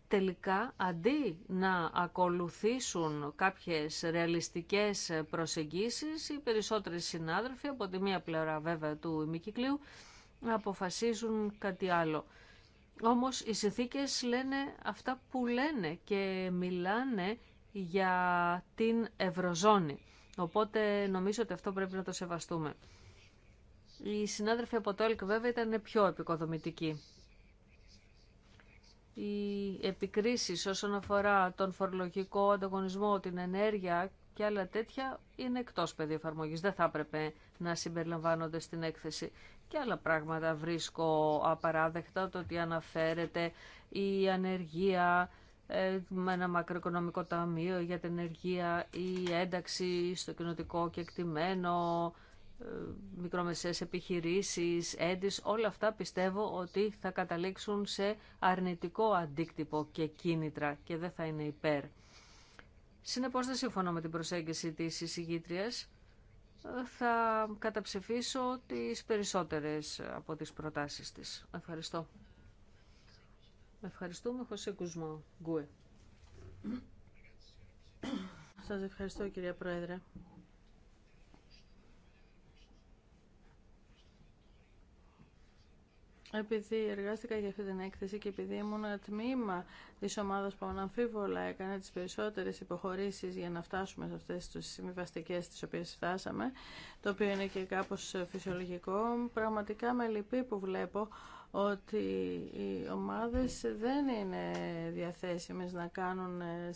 τελικά αντί να ακολουθήσουν κάποιες ρεαλιστικές προσεγγίσεις, οι περισσότεροι συνάδελφοι από τη μία πλευρά βέβαια του ημικυκλίου αποφασίζουν κάτι άλλο. Όμως οι συνθήκες λένε αυτά που λένε και μιλάνε για την Ευρωζώνη. Οπότε νομίζω ότι αυτό πρέπει να το σεβαστούμε. Οι συνάδελφοι από το ΕΛΚ βέβαια ήταν πιο επικοδομητικοί οι επικρίσεις όσον αφορά τον φορολογικό ανταγωνισμό, την ενέργεια και άλλα τέτοια είναι εκτός πεδίου εφαρμογή. Δεν θα έπρεπε να συμπεριλαμβάνονται στην έκθεση. Και άλλα πράγματα βρίσκω απαράδεκτα, το ότι αναφέρεται η ανεργία ε, με ένα μακροοικονομικό ταμείο για την ενεργεία, η ένταξη στο κοινοτικό κεκτημένο, ε, μικρομεσαίες επιχειρήσεις, έντις, όλα αυτά πιστεύω ότι θα καταλήξουν σε αρνητικό αντίκτυπο και κίνητρα και δεν θα είναι υπέρ. Συνεπώς δεν συμφωνώ με την προσέγγιση της εισηγήτριας. Ε, θα καταψηφίσω τις περισσότερες από τις προτάσεις της. Ευχαριστώ. Ευχαριστούμε, Χωσέ Κουσμό. Γκουε. Σας ευχαριστώ, κυρία Πρόεδρε. επειδή εργάστηκα για αυτή την έκθεση και επειδή ήμουν τμήμα της ομάδας που αναμφίβολα έκανε τις περισσότερες υποχωρήσεις για να φτάσουμε σε αυτές τις συμβιβαστικέ τις οποίες φτάσαμε, το οποίο είναι και κάπως φυσιολογικό, πραγματικά με λυπεί που βλέπω ότι οι ομάδες δεν είναι διαθέσιμες να κάνουν ε,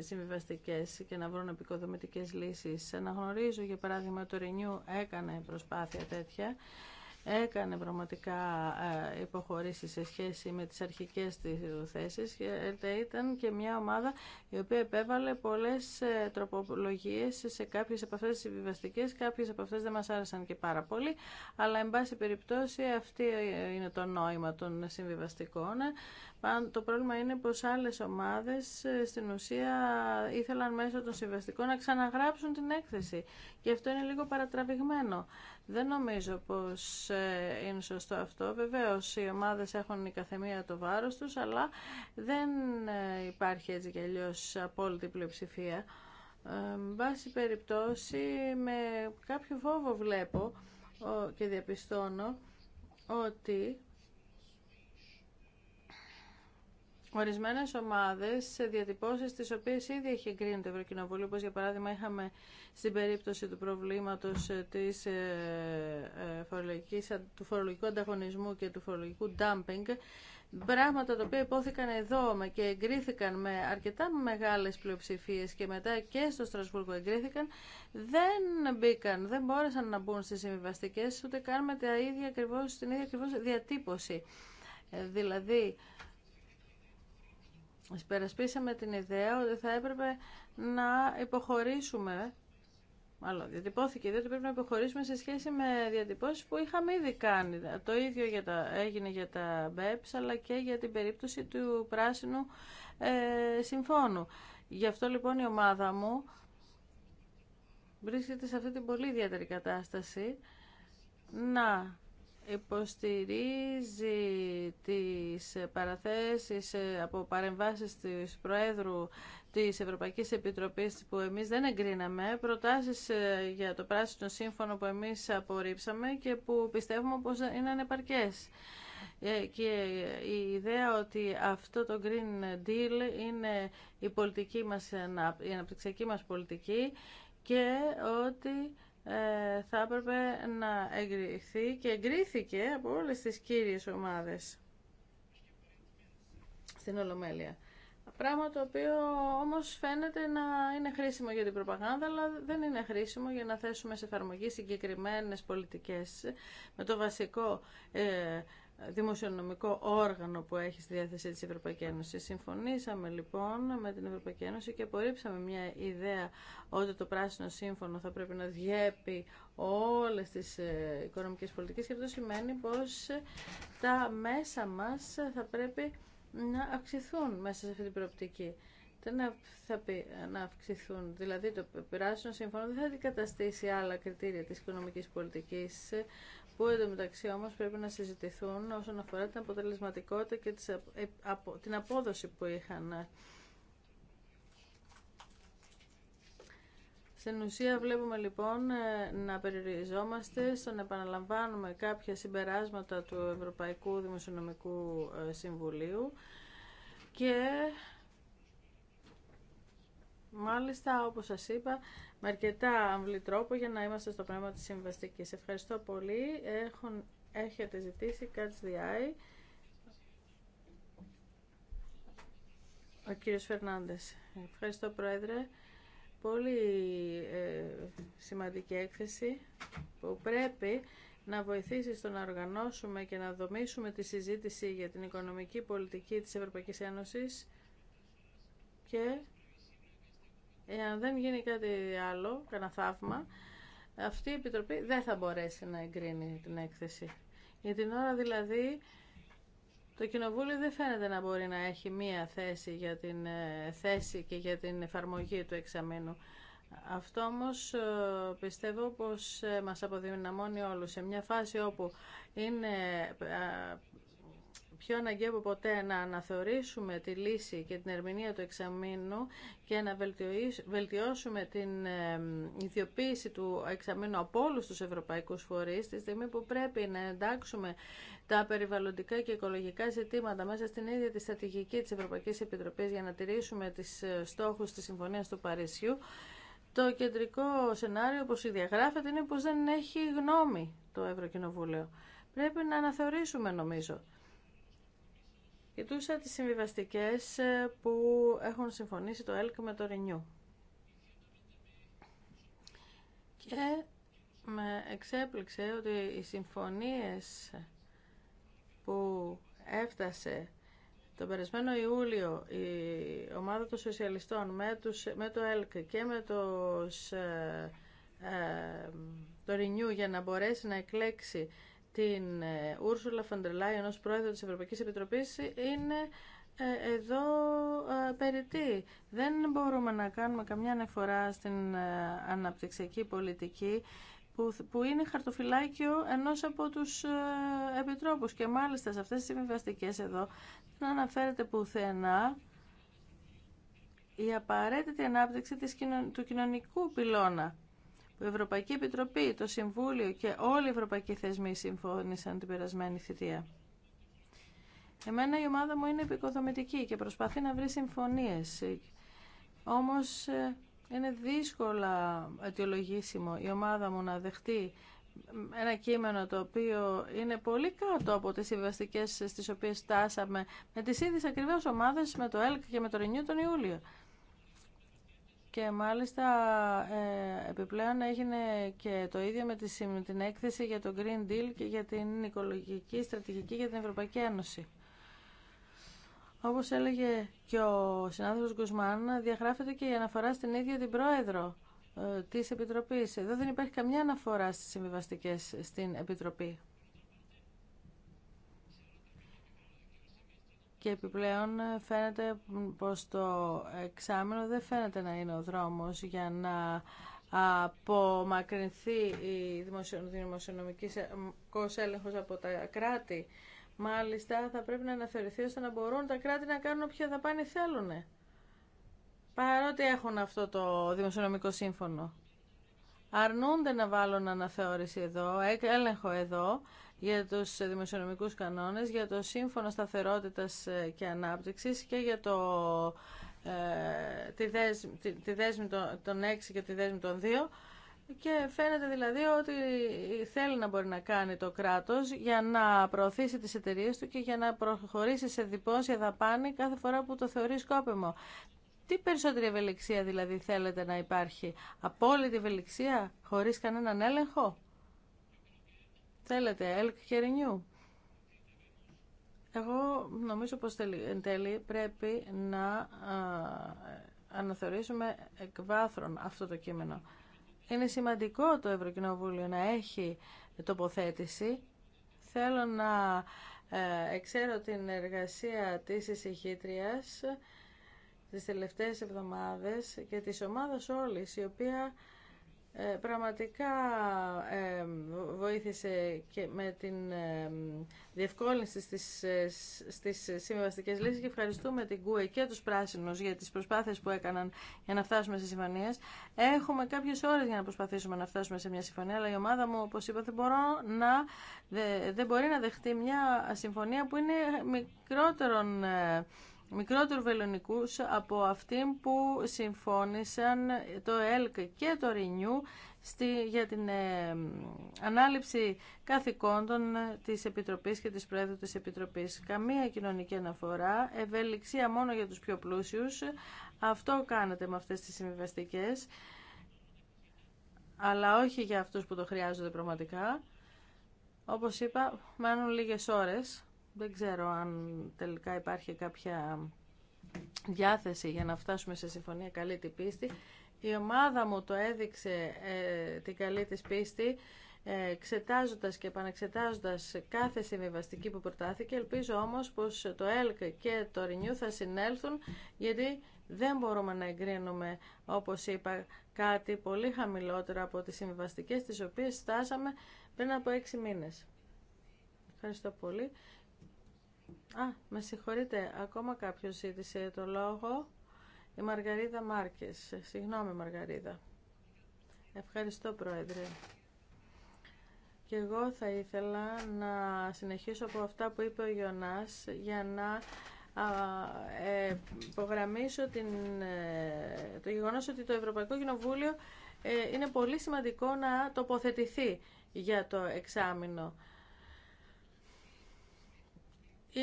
συμβιβαστικές και να βρουν επικοδομητικές λύσεις. Αναγνωρίζω, για παράδειγμα, το Renew έκανε προσπάθεια τέτοια, έκανε πραγματικά ε, υποχωρήσεις σε σχέση με τις αρχικές της θέσεις και ε, ήταν και μια ομάδα η οποία επέβαλε πολλές ε, τροπολογίες σε κάποιες από αυτές τις συμβιβαστικές, κάποιες από αυτές δεν μας άρεσαν και πάρα πολύ, αλλά εν πάση περιπτώσει αυτή είναι το νόημα των συμβιβαστικών. Το πρόβλημα είναι πως άλλες ομάδες ε, στην ουσία ήθελαν μέσω των συμβαστικών να ξαναγράψουν την έκθεση και αυτό είναι λίγο παρατραβηγμένο. Δεν νομίζω πως ε, είναι σωστό αυτό. Βεβαίως οι ομάδες έχουν η καθεμία το βάρος τους, αλλά δεν ε, υπάρχει έτσι κι αλλιώς απόλυτη πλειοψηφία. Εν βάση περιπτώσει, με κάποιο φόβο βλέπω και διαπιστώνω ότι Ορισμένε ομάδε, διατυπώσει τι οποίε ήδη έχει εγκρίνει το Ευρωκοινοβούλιο, όπω για παράδειγμα είχαμε στην περίπτωση του προβλήματο ε, ε, ε, του φορολογικού ανταγωνισμού και του φορολογικού dumping, πράγματα τα οποία υπόθηκαν εδώ και εγκρίθηκαν με αρκετά μεγάλε πλειοψηφίε και μετά και στο Στρασβούργο εγκρίθηκαν, δεν μπήκαν, δεν μπόρεσαν να μπουν στι συμβιβαστικέ ούτε κάνουμε τα ίδια την ίδια ακριβώ διατύπωση. δηλαδή, Σπερασπίσαμε την ιδέα ότι θα έπρεπε να υποχωρήσουμε Μάλλον, διατυπώθηκε ιδέα ότι πρέπει να υποχωρήσουμε σε σχέση με διατυπώσεις που είχαμε ήδη κάνει. Το ίδιο για τα, έγινε για τα BEPS, αλλά και για την περίπτωση του πράσινου ε, συμφώνου. Γι' αυτό λοιπόν η ομάδα μου βρίσκεται σε αυτή την πολύ ιδιαίτερη κατάσταση να υποστηρίζει τις παραθέσεις ε, από παρεμβάσεις της Προέδρου της Ευρωπαϊκής Επιτροπής που εμείς δεν εγκρίναμε, προτάσεις ε, για το πράσινο σύμφωνο που εμείς απορρίψαμε και που πιστεύουμε πως είναι ανεπαρκές. Ε, και η ιδέα ότι αυτό το Green Deal είναι η, πολιτική μας, η αναπτυξιακή μας πολιτική και ότι ε, θα έπρεπε να εγκριθεί και εγκρίθηκε από όλες τις κύριες ομάδες στην Ολομέλεια. Πράγμα το οποίο όμως φαίνεται να είναι χρήσιμο για την προπαγάνδα, αλλά δεν είναι χρήσιμο για να θέσουμε σε εφαρμογή συγκεκριμένες πολιτικές με το βασικό ε, δημοσιονομικό όργανο που έχει στη διάθεσή της Ευρωπαϊκή Ένωση. Συμφωνήσαμε λοιπόν με την Ευρωπαϊκή Ένωση και απορρίψαμε μια ιδέα ότι το πράσινο σύμφωνο θα πρέπει να διέπει όλες τις ε, οικονομικές πολιτικές και αυτό σημαίνει πως ε, τα μέσα μας θα πρέπει να αυξηθούν μέσα σε αυτή την προοπτική. Δεν θα πει ε, να αυξηθούν. Δηλαδή το πράσινο σύμφωνο δεν θα αντικαταστήσει άλλα κριτήρια της οικονομικής πολιτικής που εντωμεταξύ όμως πρέπει να συζητηθούν όσον αφορά την αποτελεσματικότητα και ε, την απόδοση που είχαν. Στην ουσία βλέπουμε λοιπόν ε, να περιοριζόμαστε στο να επαναλαμβάνουμε κάποια συμπεράσματα του Ευρωπαϊκού Δημοσιονομικού ε, Συμβουλίου και Μάλιστα, όπως σας είπα, με αρκετά αμβλή τρόπο για να είμαστε στο πνεύμα της Συμβαστική. Ευχαριστώ πολύ. Έχουν, έχετε ζητήσει κάτι the Ο κύριος Φερνάντες. Ευχαριστώ, Πρόεδρε. Πολύ ε, σημαντική έκθεση που πρέπει να βοηθήσει στο να οργανώσουμε και να δομήσουμε τη συζήτηση για την οικονομική πολιτική της Ευρωπαϊκής Ένωσης και Εάν δεν γίνει κάτι άλλο, κανένα θαύμα, αυτή η Επιτροπή δεν θα μπορέσει να εγκρίνει την έκθεση. Για την ώρα δηλαδή το Κοινοβούλιο δεν φαίνεται να μπορεί να έχει μία θέση για την ε, θέση και για την εφαρμογή του εξαμένου. Αυτό όμως ε, πιστεύω πως ε, μας αποδυναμώνει όλους. Σε μια φάση όπου είναι πιο αναγκαίο από ποτέ να αναθεωρήσουμε τη λύση και την ερμηνεία του εξαμήνου και να βελτιώσουμε την ιδιοποίηση του εξαμήνου από όλου του ευρωπαϊκού φορεί, τη στιγμή που πρέπει να εντάξουμε τα περιβαλλοντικά και οικολογικά ζητήματα μέσα στην ίδια τη στρατηγική τη Ευρωπαϊκή Επιτροπή για να τηρήσουμε του ε, στόχου τη Συμφωνία του Παρισιού. Το κεντρικό σενάριο, όπως η διαγράφεται, είναι πως δεν έχει γνώμη το Ευρωκοινοβούλιο. Πρέπει να αναθεωρήσουμε, νομίζω. Κοιτούσα τις συμβιβαστικές ε, που έχουν συμφωνήσει το ΕΛΚ με το ΡΙΝΙΟΥ. Και με εξέπληξε ότι οι συμφωνίες που έφτασε τον περασμένο Ιούλιο η ομάδα των σοσιαλιστών με, τους, με το ΕΛΚ και με το, ε, ε, το ΡΙΝΙΟΥ για να μπορέσει να εκλέξει την Ούρσουλα Φαντρελάι, ενός πρόεδρο της Ευρωπαϊκής Επιτροπής, είναι ε, εδώ ε, περιττή. Δεν μπορούμε να κάνουμε καμιά αναφορά στην ε, αναπτυξιακή πολιτική που, είναι χαρτοφυλάκιο ενός από τους επιτρόπους και μάλιστα σε αυτές τις συμβιβαστικέ εδώ δεν αναφέρεται πουθενά η απαραίτητη ανάπτυξη της, του κοινωνικού πυλώνα η Ευρωπαϊκή Επιτροπή, το Συμβούλιο και όλοι οι ευρωπαϊκοί θεσμοί συμφώνησαν την περασμένη θητεία. Εμένα η ομάδα μου είναι επικοδομητική και προσπαθεί να βρει συμφωνίες. Όμως ε, είναι δύσκολα αιτιολογήσιμο η ομάδα μου να δεχτεί ένα κείμενο το οποίο είναι πολύ κάτω από τις συμβαστικέ στις οποίες τάσαμε με τις ίδιες ακριβώ ομάδες με το ΕΛΚ και με το Ρενιού τον Ιούλιο και μάλιστα ε, επιπλέον έγινε και το ίδιο με την έκθεση για το Green Deal και για την οικολογική στρατηγική για την Ευρωπαϊκή Ένωση. Όπως έλεγε και ο συνάδελφος Γκουσμάν, διαγράφεται και η αναφορά στην ίδια την πρόεδρο ε, της Επιτροπής. Εδώ δεν υπάρχει καμιά αναφορά στις συμβιβαστικές στην Επιτροπή. και επιπλέον ε, φαίνεται πως το εξάμεινο δεν φαίνεται να είναι ο δρόμος για να απομακρυνθεί η δημοσιονομική ε, έλεγχος από τα κράτη. Μάλιστα θα πρέπει να αναθεωρηθεί ώστε να μπορούν τα κράτη να κάνουν όποια δαπάνη θέλουν. Παρότι έχουν αυτό το δημοσιονομικό σύμφωνο. Αρνούνται να βάλουν αναθεώρηση εδώ, έλεγχο εδώ για τους δημοσιονομικούς κανόνες, για το Σύμφωνο Σταθερότητας ε, και Ανάπτυξης και για το, ε, τη, δέσμη, των, 6 και τη δέσμη των 2. Και φαίνεται δηλαδή ότι θέλει να μπορεί να κάνει το κράτος για να προωθήσει τις εταιρείε του και για να προχωρήσει σε διπόσια δαπάνη κάθε φορά που το θεωρεί σκόπιμο. Τι περισσότερη ευελιξία δηλαδή θέλετε να υπάρχει, απόλυτη ευελιξία χωρίς κανέναν έλεγχο. Θέλετε, ΕΛΚ και Εγώ νομίζω πως εν τέλει πρέπει να αναθεωρήσουμε εκ βάθρων αυτό το κείμενο. Είναι σημαντικό το Ευρωκοινοβούλιο να έχει τοποθέτηση. Θέλω να ε, εξέρω την εργασία της εισηγήτριας τις τελευταίες εβδομάδες και της ομάδας όλης, η οποία ε, πραγματικά ε, βοήθησε και με την ε, διευκόλυνση στις, στις συμβαστικές λύσεις και ευχαριστούμε την ΚΟΕ και τους πράσινους για τις προσπάθειες που έκαναν για να φτάσουμε σε συμφωνίες. Έχουμε κάποιες ώρες για να προσπαθήσουμε να φτάσουμε σε μια συμφωνία, αλλά η ομάδα μου, όπως είπα, δεν, μπορώ να, δεν μπορεί να δεχτεί μια συμφωνία που είναι μικρότερον μικρότερου βελονικούς από αυτήν που συμφώνησαν το ΕΛΚ και το ΡΙΝΙΟΥ για την ε, ανάληψη καθηκόντων της Επιτροπής και της Πρόεδρου της Επιτροπής. Καμία κοινωνική αναφορά, ευελιξία μόνο για τους πιο πλούσιους. Αυτό κάνετε με αυτές τις συμβιβαστικέ, αλλά όχι για αυτούς που το χρειάζονται πραγματικά. Όπως είπα, μένουν λίγες ώρες δεν ξέρω αν τελικά υπάρχει κάποια διάθεση για να φτάσουμε σε συμφωνία καλή την πίστη. Η ομάδα μου το έδειξε ε, την καλή της πίστη ε, εξετάζοντα και επαναξετάζοντα κάθε συμβιβαστική που προτάθηκε. Ελπίζω όμως πως το ΕΛΚ και το ΡΙΝΙΟΥ θα συνέλθουν γιατί δεν μπορούμε να εγκρίνουμε, όπως είπα, κάτι πολύ χαμηλότερο από τις συμβιβαστικές τις οποίες στάσαμε πριν από έξι μήνες. Ευχαριστώ πολύ. Α, με συγχωρείτε, ακόμα κάποιος ζήτησε το λόγο. Η Μαργαρίδα Μάρκες. Συγγνώμη Μαργαρίδα. Ευχαριστώ Πρόεδρε. Και εγώ θα ήθελα να συνεχίσω από αυτά που είπε ο Ιωνάς για να ε, υπογραμμίσω ε, το γεγονός ότι το Ευρωπαϊκό Κοινοβούλιο ε, είναι πολύ σημαντικό να τοποθετηθεί για το εξάμεινο.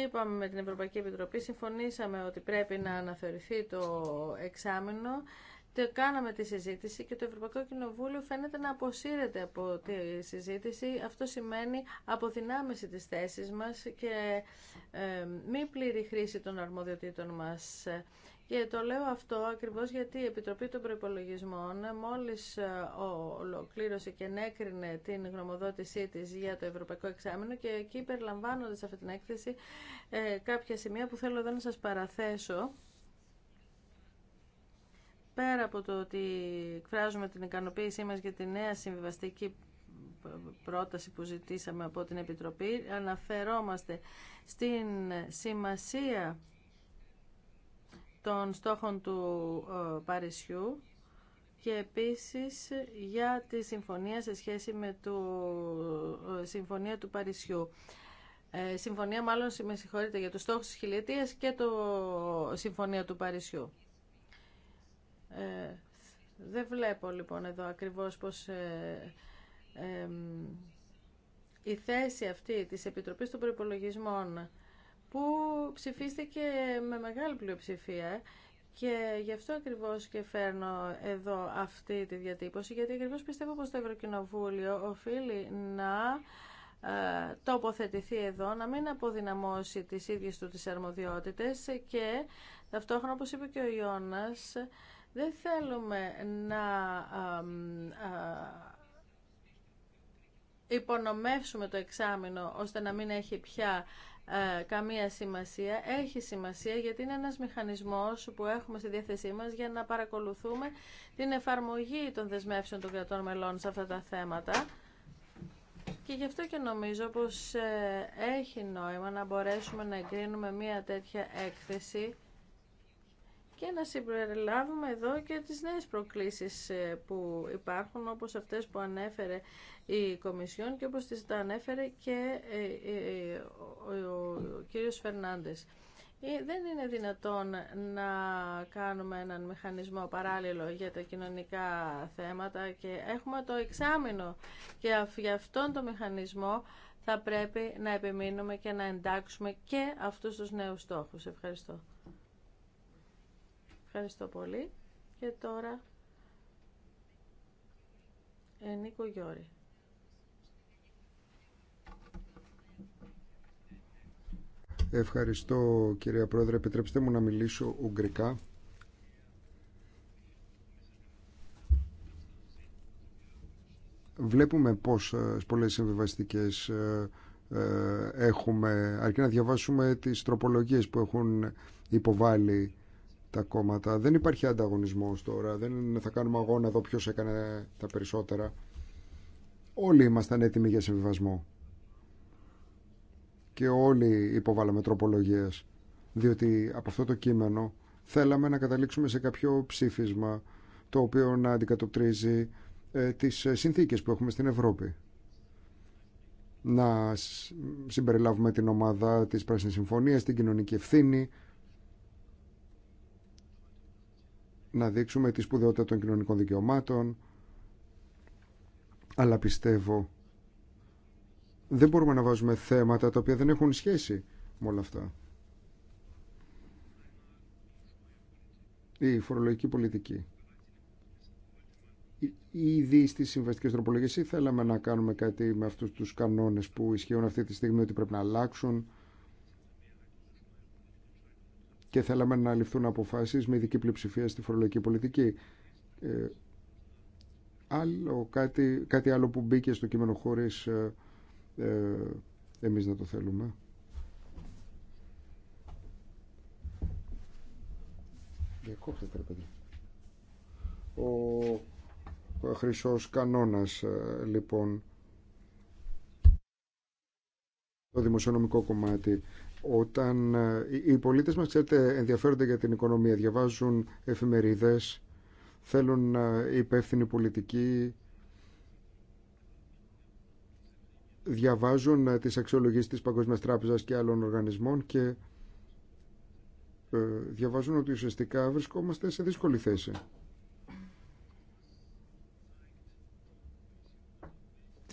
Είπαμε με την Ευρωπαϊκή Επιτροπή, συμφωνήσαμε ότι πρέπει να αναθεωρηθεί το εξάμεινο. Το κάναμε τη συζήτηση και το Ευρωπαϊκό Κοινοβούλιο φαίνεται να αποσύρεται από τη συζήτηση. Αυτό σημαίνει αποδυνάμεση της θέσης μας και ε, μη πλήρη χρήση των αρμοδιοτήτων μας. Και το λέω αυτό ακριβώς γιατί η Επιτροπή των Προϋπολογισμών μόλις ε, ολοκλήρωσε και ενέκρινε την γνωμοδότησή της για το Ευρωπαϊκό Εξάμεινο και εκεί περιλαμβάνονται σε αυτή την έκθεση ε, κάποια σημεία που θέλω εδώ να σας παραθέσω πέρα από το ότι εκφράζουμε την ικανοποίησή μας για τη νέα συμβιβαστική πρόταση που ζητήσαμε από την Επιτροπή, αναφερόμαστε στην σημασία των στόχων του ε, Παρισιού και επίσης για τη συμφωνία σε σχέση με τη ε, συμφωνία του Παρισιού. Ε, συμφωνία μάλλον, με συγχωρείτε, για τους στόχους της χιλιετίας και το συμφωνία του Παρισιού. Ε, δεν βλέπω λοιπόν εδώ ακριβώς πως η θέση αυτή της Επιτροπής των Προϋπολογισμών που ψηφίστηκε με μεγάλη πλειοψηφία και γι' αυτό ακριβώς και φέρνω εδώ αυτή τη διατύπωση, γιατί ακριβώς πιστεύω πως το Ευρωκοινοβούλιο οφείλει να ε, τοποθετηθεί εδώ, να μην αποδυναμώσει τις ίδιες του τις αρμοδιότητες και ταυτόχρονα, όπως είπε και ο Ιώνας, δεν θέλουμε να υπονομεύσουμε το εξάμεινο ώστε να μην έχει πια ε, καμία σημασία. Έχει σημασία γιατί είναι ένας μηχανισμός που έχουμε στη διάθεσή μας για να παρακολουθούμε την εφαρμογή των δεσμεύσεων των κρατών μελών σε αυτά τα θέματα. Και γι' αυτό και νομίζω πως ε, έχει νόημα να μπορέσουμε να εγκρίνουμε μία τέτοια έκθεση και να συμπεριλάβουμε εδώ και τις νέες προκλήσεις ε, που υπάρχουν όπως αυτές που ανέφερε η Κομισιόν και όπως τις ανέφερε και ε, ε, ο κύριος Φερνάντες. Δεν είναι δυνατόν να κάνουμε έναν μηχανισμό παράλληλο για τα κοινωνικά θέματα και έχουμε το εξάμεινο και για αυτόν τον μηχανισμό θα πρέπει να επιμείνουμε και να εντάξουμε και αυτούς τους νέους στόχους. Ευχαριστώ. Ευχαριστώ πολύ. Και τώρα, Ενίκο Γιώρη. Ευχαριστώ κυρία Πρόεδρε. Επιτρέψτε μου να μιλήσω ουγγρικά. Βλέπουμε πως στις ε, πολλές ε, ε, έχουμε, αρκεί να διαβάσουμε τις τροπολογίες που έχουν υποβάλει τα κόμματα. Δεν υπάρχει ανταγωνισμός τώρα. Δεν θα κάνουμε αγώνα εδώ ποιο έκανε τα περισσότερα. Όλοι ήμασταν έτοιμοι για συμβιβασμό. Και όλοι υποβάλαμε τροπολογίες. Διότι από αυτό το κείμενο θέλαμε να καταλήξουμε σε κάποιο ψήφισμα το οποίο να αντικατοπτρίζει ε, τις ε, συνθήκες που έχουμε στην Ευρώπη. Να συμπεριλάβουμε την ομάδα της Πράσινης Συμφωνίας, την κοινωνική ευθύνη, να δείξουμε τη σπουδαιότητα των κοινωνικών δικαιωμάτων, αλλά πιστεύω δεν μπορούμε να βάζουμε θέματα τα οποία δεν έχουν σχέση με όλα αυτά. Η φορολογική πολιτική. Ήδη στις συμβαστικές τροπολογίες θέλαμε να κάνουμε κάτι με αυτούς τους κανόνες που ισχύουν αυτή τη στιγμή ότι πρέπει να αλλάξουν και θέλαμε να ληφθούν αποφάσεις με ειδική πλειοψηφία στη φορολογική πολιτική. Ε, άλλο, κάτι, κάτι άλλο που μπήκε στο κείμενο χωρίς ε, ε εμείς να το θέλουμε. Ο χρυσός κανόνας, ε, λοιπόν, το δημοσιονομικό κομμάτι όταν ε, οι πολίτες μας, ξέρετε, ενδιαφέρονται για την οικονομία, διαβάζουν εφημερίδες, θέλουν ε, υπεύθυνη πολιτική, διαβάζουν ε, τις αξιολογήσεις της Παγκόσμιας Τράπεζας και άλλων οργανισμών και διαβάζουν ότι ουσιαστικά βρισκόμαστε σε δύσκολη θέση.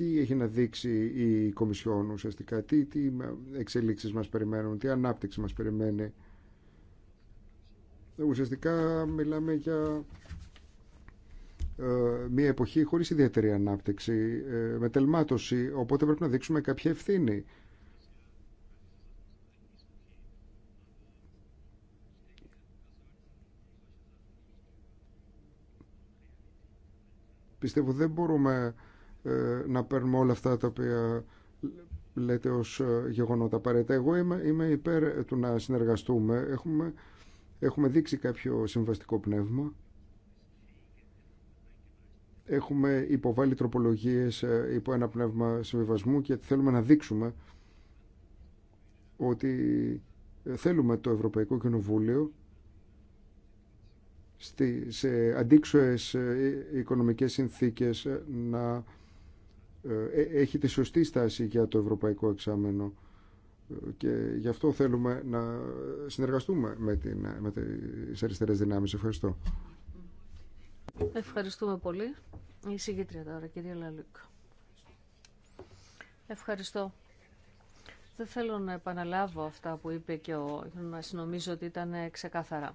τι έχει να δείξει η Κομισιόν ουσιαστικά, τι, τι εξελίξεις μας περιμένουν, τι ανάπτυξη μας περιμένει. Ουσιαστικά μιλάμε για ε, μια εποχή χωρίς ιδιαίτερη ανάπτυξη, ε, με τελμάτωση, οπότε πρέπει να δείξουμε κάποια ευθύνη. Πιστεύω δεν μπορούμε ε, να παίρνουμε όλα αυτά τα οποία λέτε ως ε, γεγονότα απαραίτητα. Εγώ είμαι, υπέρ ε, του να συνεργαστούμε. Έχουμε, έχουμε δείξει κάποιο συμβαστικό πνεύμα. Έχουμε υποβάλει τροπολογίες υπό ένα πνεύμα συμβιβασμού και θέλουμε να δείξουμε ότι θέλουμε το Ευρωπαϊκό Κοινοβούλιο σε αντίξωες οικονομικές συνθήκες να ε, ε, έχει τη σωστή στάση για το ευρωπαϊκό εξάμενο ε, και γι' αυτό θέλουμε να συνεργαστούμε με, την, με τις αριστερές δυνάμεις. Ευχαριστώ. Ευχαριστούμε πολύ. Η συγκήτρια τώρα, κυρία Λαλούκ. Ευχαριστώ. Δεν θέλω να επαναλάβω αυτά που είπε και ο Ιχνωνάς. Νομίζω ότι ήταν ξεκάθαρα.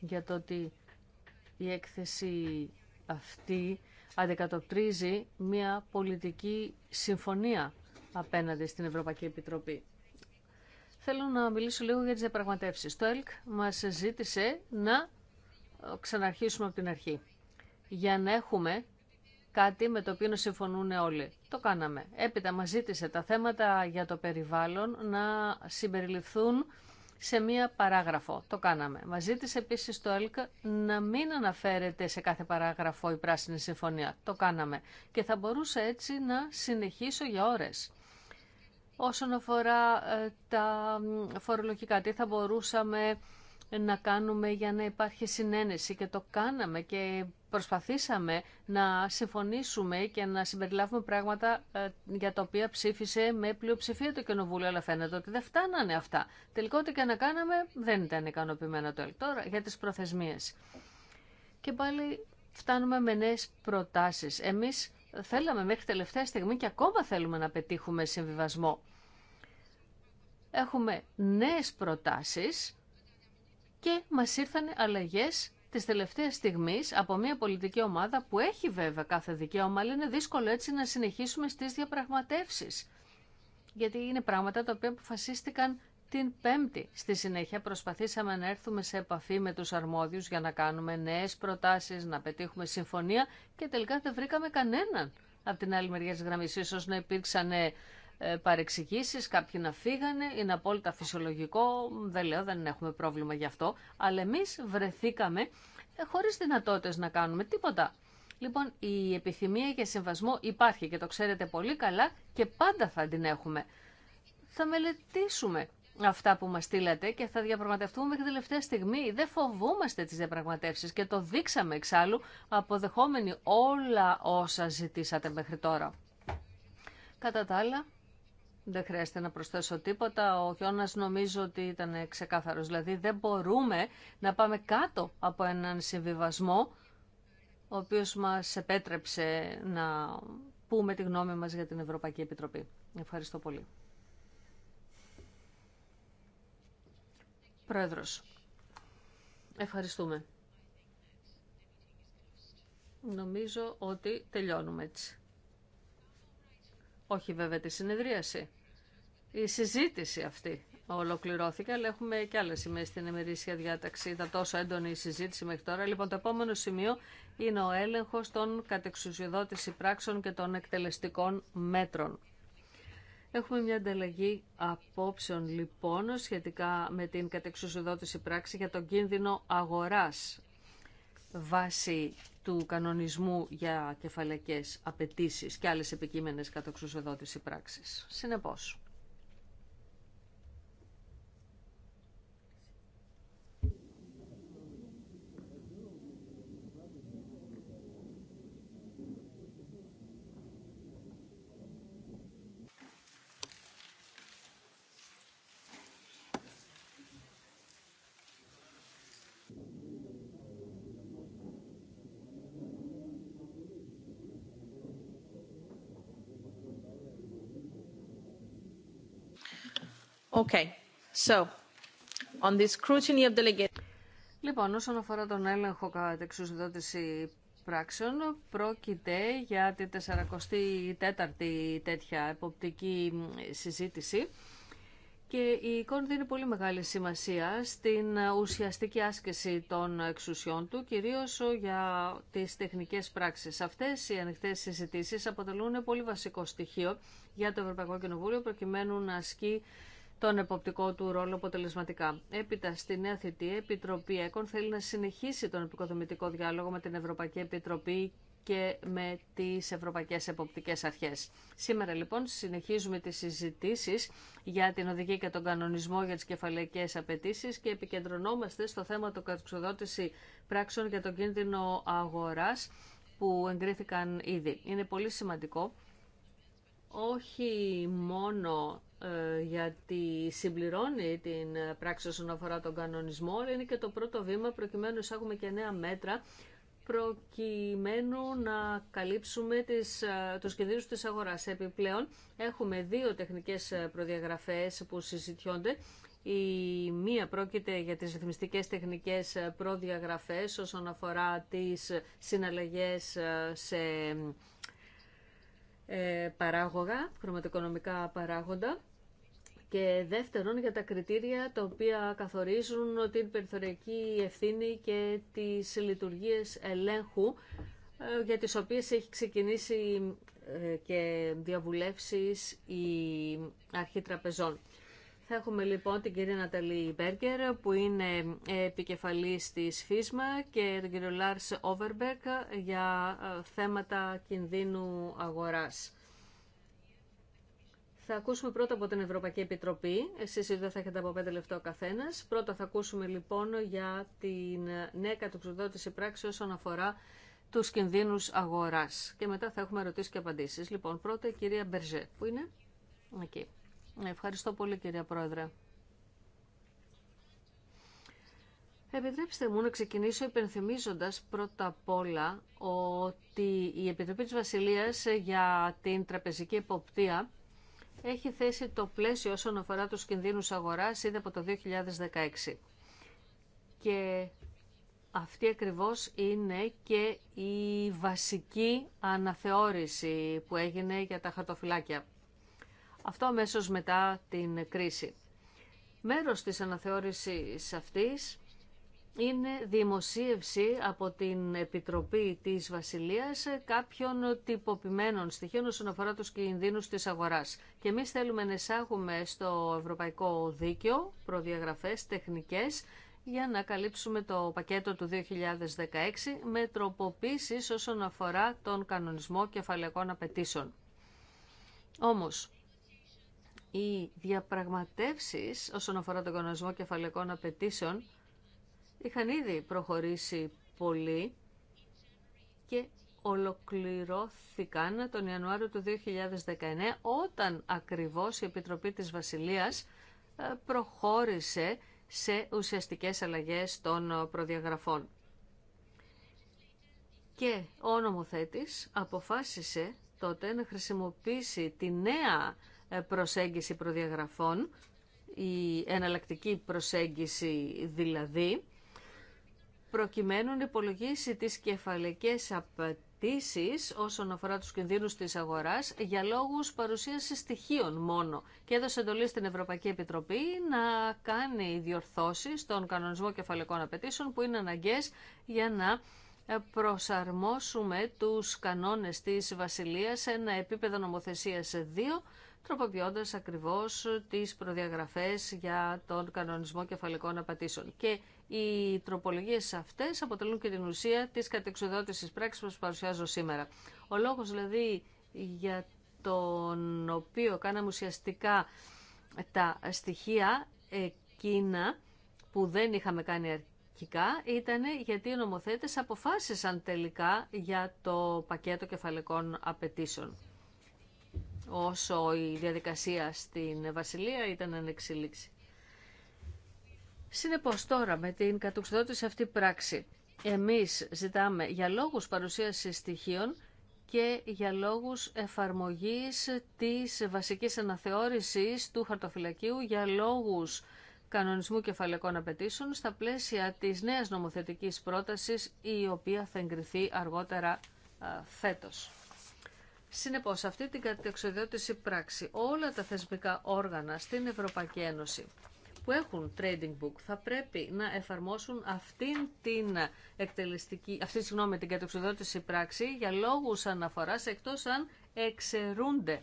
Για το ότι η έκθεση αυτή αντικατοπτρίζει μια πολιτική συμφωνία απέναντι στην Ευρωπαϊκή Επιτροπή. Θέλω να μιλήσω λίγο για τις διαπραγματεύσεις. Το ΕΛΚ μας ζήτησε να ξαναρχίσουμε από την αρχή. Για να έχουμε κάτι με το οποίο να συμφωνούν όλοι. Το κάναμε. Έπειτα μας ζήτησε τα θέματα για το περιβάλλον να συμπεριληφθούν σε μία παράγραφο. Το κάναμε. Μα ζήτησε επίση το ΕΛΚ να μην αναφέρεται σε κάθε παράγραφο η Πράσινη Συμφωνία. Το κάναμε. Και θα μπορούσα έτσι να συνεχίσω για ώρε. Όσον αφορά ε, τα φορολογικά, τι θα μπορούσαμε να κάνουμε για να υπάρχει συνένεση και το κάναμε και προσπαθήσαμε να συμφωνήσουμε και να συμπεριλάβουμε πράγματα ε, για τα οποία ψήφισε με πλειοψηφία το Κοινοβούλιο, αλλά φαίνεται ότι δεν φτάνανε αυτά. Τελικά και να κάναμε δεν ήταν ικανοποιημένα το ΕΛΚ. Τώρα για τις προθεσμίες. Και πάλι φτάνουμε με νέες προτάσεις. Εμείς θέλαμε μέχρι τελευταία στιγμή και ακόμα θέλουμε να πετύχουμε συμβιβασμό. Έχουμε νέες προτάσεις και μας ήρθαν αλλαγές τη τελευταία στιγμή από μια πολιτική ομάδα που έχει βέβαια κάθε δικαίωμα, αλλά είναι δύσκολο έτσι να συνεχίσουμε στι διαπραγματεύσει. Γιατί είναι πράγματα τα οποία αποφασίστηκαν την Πέμπτη. Στη συνέχεια προσπαθήσαμε να έρθουμε σε επαφή με τους αρμόδιους για να κάνουμε νέες προτάσεις, να πετύχουμε συμφωνία και τελικά δεν βρήκαμε κανέναν από την άλλη μεριά της γραμμής. Ίσως να υπήρξαν ε, παρεξηγήσεις, κάποιοι να φύγανε, είναι απόλυτα φυσιολογικό, δεν λέω, δεν έχουμε πρόβλημα γι' αυτό, αλλά εμείς βρεθήκαμε ε, χωρίς δυνατότητες να κάνουμε τίποτα. Λοιπόν, η επιθυμία για συμβασμό υπάρχει και το ξέρετε πολύ καλά και πάντα θα την έχουμε. Θα μελετήσουμε αυτά που μας στείλατε και θα διαπραγματευτούμε μέχρι τελευταία στιγμή. Δεν φοβούμαστε τις διαπραγματεύσεις και το δείξαμε εξάλλου αποδεχόμενοι όλα όσα ζητήσατε μέχρι τώρα. Κατά τα άλλα, δεν χρειάζεται να προσθέσω τίποτα. Ο Γιώνας νομίζω ότι ήταν ξεκάθαρος. Δηλαδή δεν μπορούμε να πάμε κάτω από έναν συμβιβασμό ο οποίος μα επέτρεψε να πούμε τη γνώμη μας για την Ευρωπαϊκή Επιτροπή. Ευχαριστώ πολύ. Πρόεδρος, ευχαριστούμε. Νομίζω ότι τελειώνουμε έτσι όχι βέβαια τη συνεδρίαση. Η συζήτηση αυτή ολοκληρώθηκε, αλλά έχουμε και άλλε σημαίε στην εμερήσια διάταξη. Ήταν τόσο έντονη η συζήτηση μέχρι τώρα. Λοιπόν, το επόμενο σημείο είναι ο έλεγχο των κατεξουσιοδότηση πράξεων και των εκτελεστικών μέτρων. Έχουμε μια ανταλλαγή απόψεων λοιπόν σχετικά με την κατεξουσιοδότηση πράξη για τον κίνδυνο αγοράς βάσει του κανονισμού για κεφαλαϊκές απαιτήσει και άλλες επικείμενες εξουσιοδότηση πράξης. Συνεπώς, Λοιπόν, όσον αφορά τον έλεγχο κατά εξουσιοδότηση πράξεων, πρόκειται για τη 44η τέτοια εποπτική συζήτηση και η εικόνα δίνει πολύ μεγάλη σημασία στην ουσιαστική άσκηση των εξουσιών του, κυρίως για τις τεχνικές πράξεις. Αυτές οι ανοιχτές συζητήσεις αποτελούν πολύ βασικό στοιχείο για το Ευρωπαϊκό Κοινοβούλιο, προκειμένου να ασκεί τον εποπτικό του ρόλο αποτελεσματικά. Έπειτα, στη νέα θητεία, η Επιτροπή ΕΚΟΝ θέλει να συνεχίσει τον επικοδομητικό διάλογο με την Ευρωπαϊκή Επιτροπή και με τις Ευρωπαϊκές Εποπτικές Αρχές. Σήμερα λοιπόν συνεχίζουμε τις συζητήσεις για την οδηγία και τον κανονισμό για τις κεφαλαϊκές απαιτήσει και επικεντρωνόμαστε στο θέμα του κατεξοδότηση πράξεων για τον κίνδυνο αγοράς που εγκρίθηκαν ήδη. Είναι πολύ σημαντικό όχι μόνο ε, γιατί συμπληρώνει την πράξη όσον αφορά τον κανονισμό, αλλά είναι και το πρώτο βήμα προκειμένου έχουμε και νέα μέτρα προκειμένου να καλύψουμε τις, ε, τους κινδύνους της αγοράς. Επιπλέον, έχουμε δύο τεχνικές ε, προδιαγραφές που συζητιώνται. Η μία πρόκειται για τις ρυθμιστικές τεχνικές προδιαγραφές όσον αφορά τις συναλλαγές σε ε, παράγωγα, χρωματοοικονομικά παράγοντα και δεύτερον για τα κριτήρια τα οποία καθορίζουν την περιθωριακή ευθύνη και τις λειτουργίες ελέγχου ε, για τις οποίες έχει ξεκινήσει ε, και διαβουλεύσεις η αρχή τραπεζών. Θα έχουμε λοιπόν την κυρία Ναταλή Μπέργκερ που είναι επικεφαλής της ΦΙΣΜΑ και τον κύριο Λάρς Όβερμπερκ για ε, θέματα κινδύνου αγοράς. Θα ακούσουμε πρώτα από την Ευρωπαϊκή Επιτροπή. Εσείς εδώ θα έχετε από πέντε λεπτό ο καθένας. Πρώτα θα ακούσουμε λοιπόν για την νέα κατοξιδότηση πράξη όσον αφορά τους κινδύνους αγοράς. Και μετά θα έχουμε ερωτήσεις και απαντήσεις. Λοιπόν, πρώτα η κυρία Μπερζέ. Πού είναι? Εκεί. Okay. Ευχαριστώ πολύ κυρία Πρόεδρε. Επιτρέψτε μου να ξεκινήσω υπενθυμίζοντας πρώτα απ' όλα ότι η Επιτροπή της Βασιλείας για την τραπεζική εποπτεία έχει θέσει το πλαίσιο όσον αφορά τους κινδύνους αγοράς ήδη από το 2016. Και αυτή ακριβώς είναι και η βασική αναθεώρηση που έγινε για τα χαρτοφυλάκια. Αυτό αμέσω μετά την κρίση. Μέρος της αναθεώρησης αυτής είναι δημοσίευση από την Επιτροπή της Βασιλείας κάποιων τυποποιημένων στοιχείων όσον αφορά τους κινδύνους της αγοράς. Και εμείς θέλουμε να εισάγουμε στο Ευρωπαϊκό Δίκαιο προδιαγραφές τεχνικές για να καλύψουμε το πακέτο του 2016 με τροποποίησεις όσον αφορά τον κανονισμό κεφαλαικών απαιτήσεων. Όμως, οι διαπραγματεύσεις όσον αφορά τον κανονισμό κεφαλαικών απαιτήσεων είχαν ήδη προχωρήσει πολύ και ολοκληρώθηκαν τον Ιανουάριο του 2019 όταν ακριβώς η Επιτροπή της Βασιλείας ε, προχώρησε σε ουσιαστικές αλλαγές των προδιαγραφών. Και ο νομοθέτης αποφάσισε τότε να χρησιμοποιήσει τη νέα ε, προσέγγιση προδιαγραφών, η εναλλακτική προσέγγιση δηλαδή, προκειμένου να υπολογίσει τις κεφαλικές απαιτήσεις όσον αφορά τους κινδύνους της αγοράς για λόγους παρουσίασης στοιχείων μόνο και έδωσε εντολή στην Ευρωπαϊκή Επιτροπή να κάνει διορθώσεις στον κανονισμό κεφαλικών απαιτήσεων που είναι αναγκαίες για να προσαρμόσουμε τους κανόνες της Βασιλείας σε ένα επίπεδο νομοθεσίας 2 τροποποιώντας ακριβώς τις προδιαγραφές για τον κανονισμό κεφαλικών απαιτήσεων. Και οι τροπολογίες αυτές αποτελούν και την ουσία της κατεξοδότησης πράξης που παρουσιάζω σήμερα. Ο λόγος δηλαδή για τον οποίο κάναμε ουσιαστικά τα στοιχεία εκείνα που δεν είχαμε κάνει αρχικά ήταν γιατί οι νομοθέτες αποφάσισαν τελικά για το πακέτο κεφαλικών απαιτήσεων όσο η διαδικασία στην Βασιλεία ήταν ανεξελίξη. Συνεπώς τώρα με την κατουξιδότηση αυτή πράξη εμείς ζητάμε για λόγους παρουσίαση στοιχείων και για λόγους εφαρμογής της βασικής αναθεώρησης του χαρτοφυλακίου για λόγους κανονισμού κεφαλαικών απαιτήσεων στα πλαίσια της νέας νομοθετικής πρότασης η οποία θα εγκριθεί αργότερα φέτος. Συνεπώς, αυτή την κατεξοδιώτηση πράξη, όλα τα θεσμικά όργανα στην Ευρωπαϊκή Ένωση που έχουν trading book θα πρέπει να εφαρμόσουν αυτήν την εκτελεστική, αυτή συγγνώμη, την κατεξοδότηση πράξη για λόγους αναφοράς εκτός αν εξαιρούνται.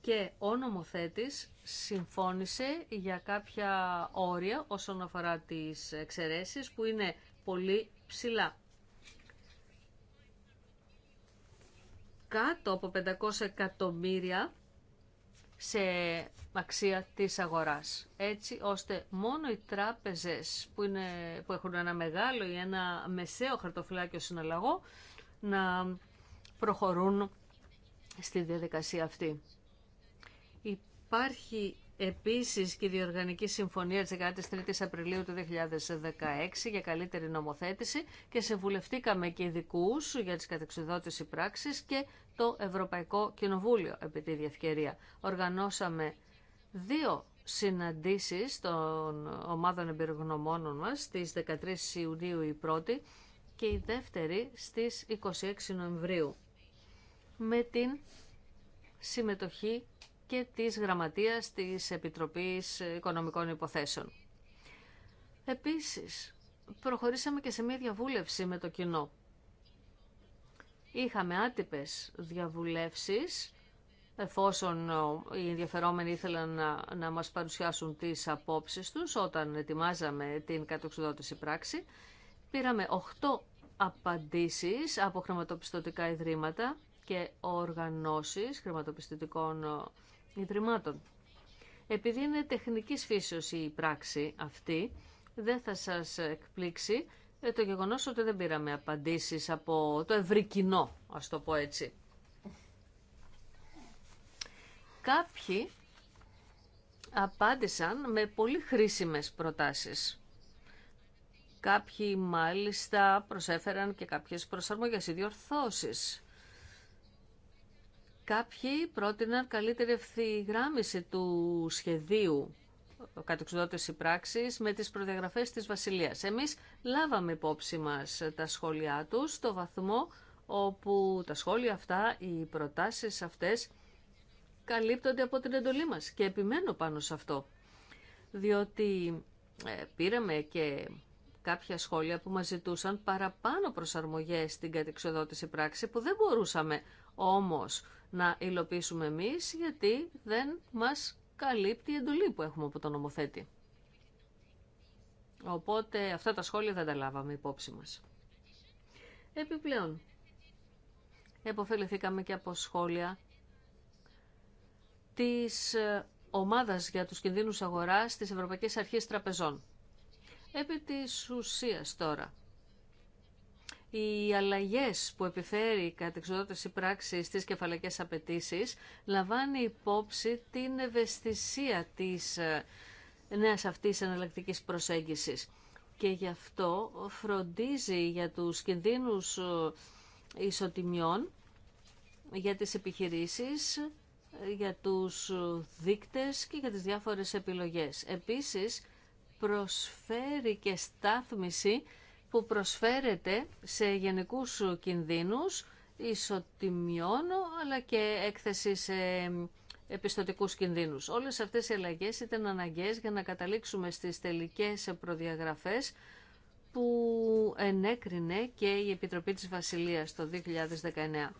Και ο νομοθέτης συμφώνησε για κάποια όρια όσον αφορά τις εξαιρέσεις που είναι πολύ ψηλά. κάτω από 500 εκατομμύρια σε αξία της αγοράς. Έτσι ώστε μόνο οι τράπεζες που, είναι, που έχουν ένα μεγάλο ή ένα μεσαίο χαρτοφυλάκιο συναλλαγό να προχωρούν στη διαδικασία αυτή. Υπάρχει Επίσης και η Διοργανική Συμφωνία της 13 η Απριλίου του 2016 για καλύτερη νομοθέτηση και συμβουλευτήκαμε και ειδικού για τις κατεξουδότηση πράξη και το Ευρωπαϊκό Κοινοβούλιο επί τη διευκαιρία. Οργανώσαμε δύο συναντήσεις των ομάδων εμπειρογνωμόνων μας στις 13 Ιουνίου η πρώτη και η δεύτερη στις 26 Νοεμβρίου με την συμμετοχή και της Γραμματείας της Επιτροπής Οικονομικών Υποθέσεων. Επίσης, προχωρήσαμε και σε μια διαβούλευση με το κοινό. Είχαμε άτυπες διαβουλεύσεις, εφόσον οι ενδιαφερόμενοι ήθελαν να, να μας παρουσιάσουν τις απόψεις τους όταν ετοιμάζαμε την κατοξιδότηση πράξη. Πήραμε 8 απαντήσεις από χρηματοπιστωτικά ιδρύματα και οργανώσεις χρηματοπιστωτικών ιδρυμάτων. Επειδή είναι τεχνικής φύσεως η πράξη αυτή, δεν θα σας εκπλήξει ε, το γεγονός ότι δεν πήραμε απαντήσεις από το ευρύ κοινό, ας το πω έτσι. Κάποιοι απάντησαν με πολύ χρήσιμες προτάσεις. Κάποιοι μάλιστα προσέφεραν και κάποιες προσαρμογές ή διορθώσεις. Κάποιοι πρότειναν καλύτερη ευθυγράμμιση του σχεδίου κατεξοδότηση πράξης με τις προδιαγραφές της Βασιλείας. Εμείς λάβαμε υπόψη μας τα σχόλιά τους στο βαθμό όπου τα σχόλια αυτά, οι προτάσεις αυτές καλύπτονται από την εντολή μας και επιμένω πάνω σε αυτό. Διότι ε, πήραμε και κάποια σχόλια που μας ζητούσαν παραπάνω προσαρμογές στην κατεξοδότηση πράξη που δεν μπορούσαμε όμως να υλοποιήσουμε εμείς γιατί δεν μας καλύπτει η εντολή που έχουμε από τον νομοθέτη. Οπότε αυτά τα σχόλια δεν τα λάβαμε υπόψη μας. Επιπλέον, εποφεληθήκαμε και από σχόλια της ε, ομάδας για τους κινδύνους αγοράς της Ευρωπαϊκής Αρχής Τραπεζών. Επί της ουσίας τώρα, οι αλλαγές που επιφέρει η κατεξοδότηση πράξη στι κεφαλαϊκέ απαιτήσει λαμβάνει υπόψη την ευαισθησία της ε, νέα αυτής εναλλακτική προσέγγισης. Και γι' αυτό φροντίζει για τους κινδύνους ε, ισοτιμιών, για τις επιχειρήσεις, ε, για τους δείκτες και για τις διάφορες επιλογές. Επίσης, προσφέρει και στάθμιση που προσφέρεται σε γενικούς κινδύνους ισοτιμιών αλλά και έκθεση σε επιστοτικούς κινδύνους. Όλες αυτές οι αλλαγές ήταν αναγκαίες για να καταλήξουμε στις τελικές προδιαγραφές που ενέκρινε και η Επιτροπή της Βασιλείας το 2019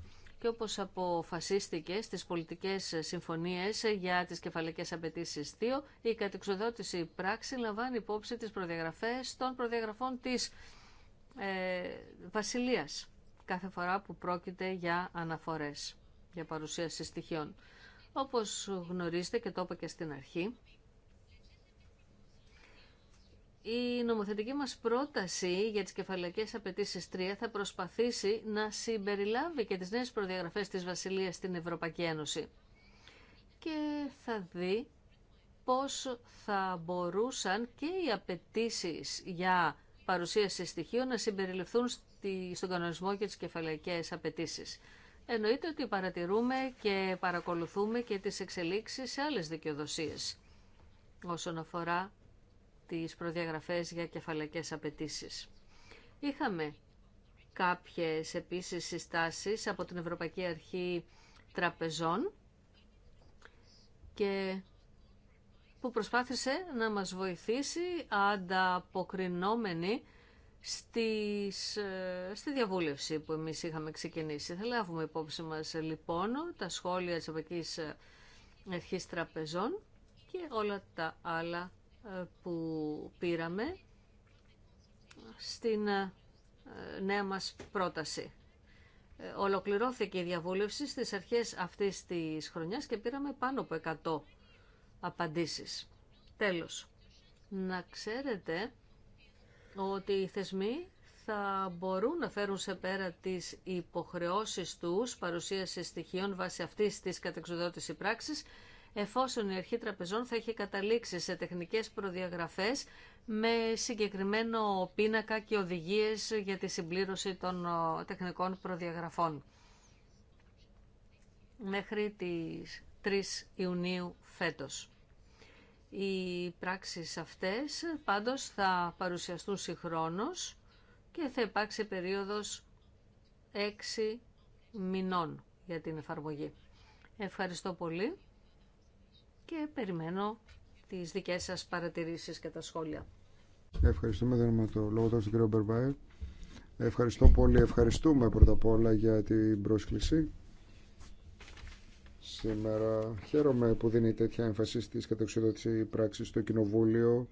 και όπως αποφασίστηκε στις πολιτικές συμφωνίες για τις κεφαλικές απαιτήσει 2, η κατεξοδότηση πράξη λαμβάνει υπόψη τις προδιαγραφές των προδιαγραφών της ε, βασιλείας κάθε φορά που πρόκειται για αναφορές, για παρουσίαση στοιχείων. Όπως γνωρίζετε και το είπα και στην αρχή, η νομοθετική μας πρόταση για τις κεφαλαϊκές απαιτήσεις 3 θα προσπαθήσει να συμπεριλάβει και τις νέες προδιαγραφές της Βασιλείας στην Ευρωπαϊκή Ένωση και θα δει πώς θα μπορούσαν και οι απαιτήσει για παρουσίαση στοιχείων να συμπεριληφθούν στη, στον κανονισμό και τις κεφαλαϊκές απαιτήσει. Εννοείται ότι παρατηρούμε και παρακολουθούμε και τις εξελίξεις σε άλλες δικαιοδοσίες όσον αφορά τις προδιαγραφές για κεφαλαϊκές απαιτήσει. Είχαμε κάποιες επίσης συστάσεις από την Ευρωπαϊκή Αρχή Τραπεζών και που προσπάθησε να μας βοηθήσει ανταποκρινόμενη στις, ε, στη διαβούλευση που εμείς είχαμε ξεκινήσει. Θα λάβουμε υπόψη μας ε, λοιπόν τα σχόλια της Ευρωπαϊκής ε, Αρχής Τραπεζών και όλα τα άλλα που πήραμε στην νέα μας πρόταση. Ολοκληρώθηκε η διαβούλευση στις αρχές αυτής της χρονιάς και πήραμε πάνω από 100 απαντήσεις. Τέλος, να ξέρετε ότι οι θεσμοί θα μπορούν να φέρουν σε πέρα τις υποχρεώσεις τους παρουσίαση στοιχείων βάσει αυτής της κατεξουδότηση πράξης, εφόσον η αρχή τραπεζών θα έχει καταλήξει σε τεχνικές προδιαγραφές με συγκεκριμένο πίνακα και οδηγίες για τη συμπλήρωση των ε, τεχνικών προδιαγραφών. Μέχρι τις 3 Ιουνίου φέτος. Οι πράξεις αυτές πάντως θα παρουσιαστούν συγχρόνως και θα υπάρξει περίοδος 6 μηνών για την εφαρμογή. Ευχαριστώ πολύ και περιμένω τις δικές σας παρατηρήσεις και τα σχόλια. Ευχαριστούμε με το λόγο τώρα Ευχαριστώ πολύ. Ευχαριστούμε πρώτα απ' όλα για την πρόσκληση σήμερα. Χαίρομαι που δίνει τέτοια έμφαση στις κατεξοδότηση πράξεις στο Κοινοβούλιο.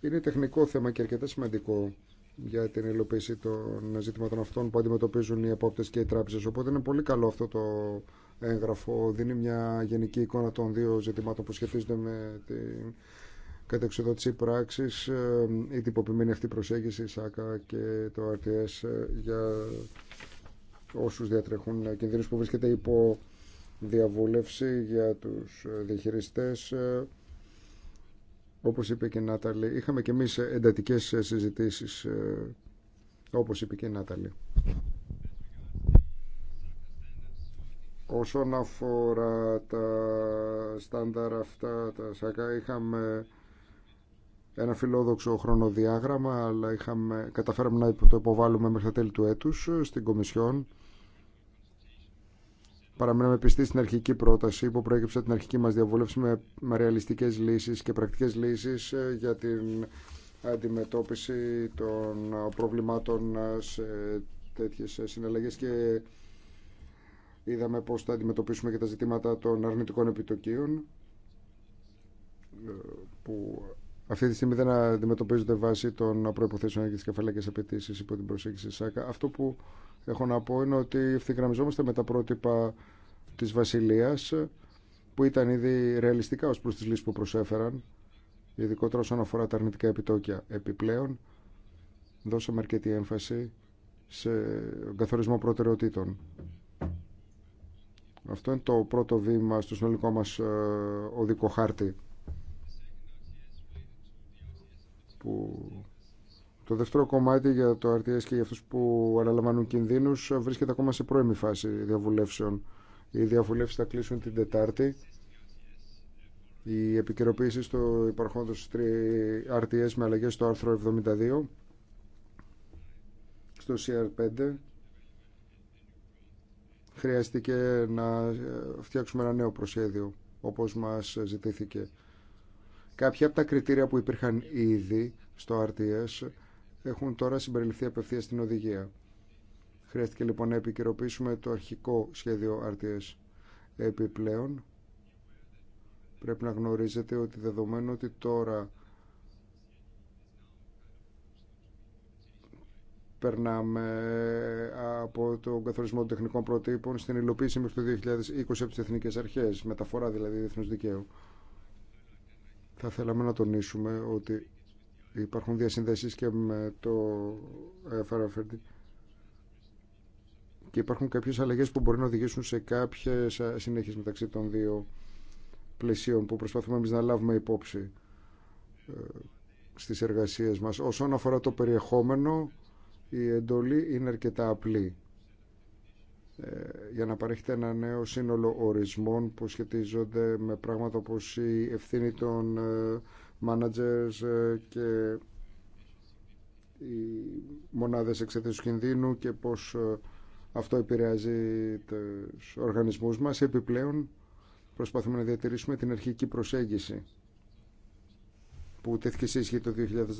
Είναι τεχνικό θέμα και αρκετά σημαντικό για την υλοποίηση των ζητημάτων αυτών που αντιμετωπίζουν οι επόπτε και οι τράπεζε, Οπότε είναι πολύ καλό αυτό το έγγραφο. Δίνει μια γενική εικόνα των δύο ζητημάτων που σχετίζονται με την κατεξοδότηση πράξη, ή ε, τυποποιμένη αυτή τη προσέγγιση, η τυποποιημένη αυτή προσέγγιση, η ΣΑΚΑ και το RTS ε, για όσου διατρέχουν κινδύνους που βρίσκεται υπό διαβούλευση για τους διαχειριστές όπως είπε και η Νάταλη είχαμε και εμείς εντατικές συζητήσεις όπως είπε και η Νάταλη Όσον αφορά τα στάνταρ αυτά, τα ΣΑΚΑ, είχαμε ένα φιλόδοξο χρονοδιάγραμμα, αλλά είχαμε, καταφέραμε να το υποβάλουμε μέχρι τα τέλη του έτους ε, στην Κομισιόν. Παραμείναμε πιστοί στην αρχική πρόταση που προέκυψε την αρχική μας διαβούλευση με, με ρεαλιστικές λύσεις και πρακτικές λύσεις ε, για την αντιμετώπιση των ε, προβλημάτων ε, σε τέτοιες συναλλαγές και είδαμε πώς θα αντιμετωπίσουμε και τα ζητήματα των αρνητικών επιτοκίων που αυτή τη στιγμή δεν αντιμετωπίζονται βάσει των προϋποθέσεων και τις κεφαλαίκες απαιτήσει υπό την προσέγγιση ΣΑΚΑ. Αυτό που έχω να πω είναι ότι ευθυγραμμιζόμαστε με τα πρότυπα της Βασιλείας που ήταν ήδη ρεαλιστικά ως προς τις λύσεις που προσέφεραν ειδικότερα όσον αφορά τα αρνητικά επιτόκια επιπλέον δώσαμε αρκετή έμφαση σε καθορισμό προτεραιοτήτων. Αυτό είναι το πρώτο βήμα στο συνολικό μας ε, οδικό χάρτη που το δεύτερο κομμάτι για το RTS και για αυτούς που αναλαμβάνουν κινδύνους βρίσκεται ακόμα σε πρώιμη φάση διαβουλεύσεων. Οι διαβουλεύσεις θα κλείσουν την Τετάρτη. Η επικαιροποίηση στο υπαρχόντος RTS με αλλαγές στο άρθρο 72 στο CR5 χρειάστηκε να ε, φτιάξουμε ένα νέο προσέδιο όπως μας ζητήθηκε. Κάποια από τα κριτήρια που υπήρχαν ήδη στο RTS έχουν τώρα συμπεριληφθεί απευθεία στην οδηγία. Χρειάστηκε λοιπόν να επικαιροποιήσουμε το αρχικό σχέδιο RTS. Επιπλέον, πρέπει να γνωρίζετε ότι δεδομένου ότι τώρα περνάμε από τον καθορισμό των τεχνικών προτύπων στην υλοποίηση μέχρι το 2020 από τις αρχές, μεταφορά δηλαδή διεθνούς δικαίου. Θα θέλαμε να τονίσουμε ότι Υπάρχουν διασυνδέσεις και με το Φαραφέρντι και υπάρχουν κάποιες αλλαγές που μπορεί να οδηγήσουν σε κάποιες συνέχειες μεταξύ των δύο πλαισίων που προσπαθούμε εμείς να λάβουμε υπόψη ε, στις εργασίες μας. Όσον αφορά το περιεχόμενο, η εντολή είναι αρκετά απλή ε, για να παρέχεται ένα νέο σύνολο ορισμών που σχετίζονται με πράγματα όπως η ευθύνη των ε, managers ε, και οι μονάδες εξέθεσης κινδύνου και πώς ε, αυτό επηρεάζει τους οργανισμούς μας. Επιπλέον προσπαθούμε να διατηρήσουμε την αρχική προσέγγιση που τέθηκε σε ισχύ το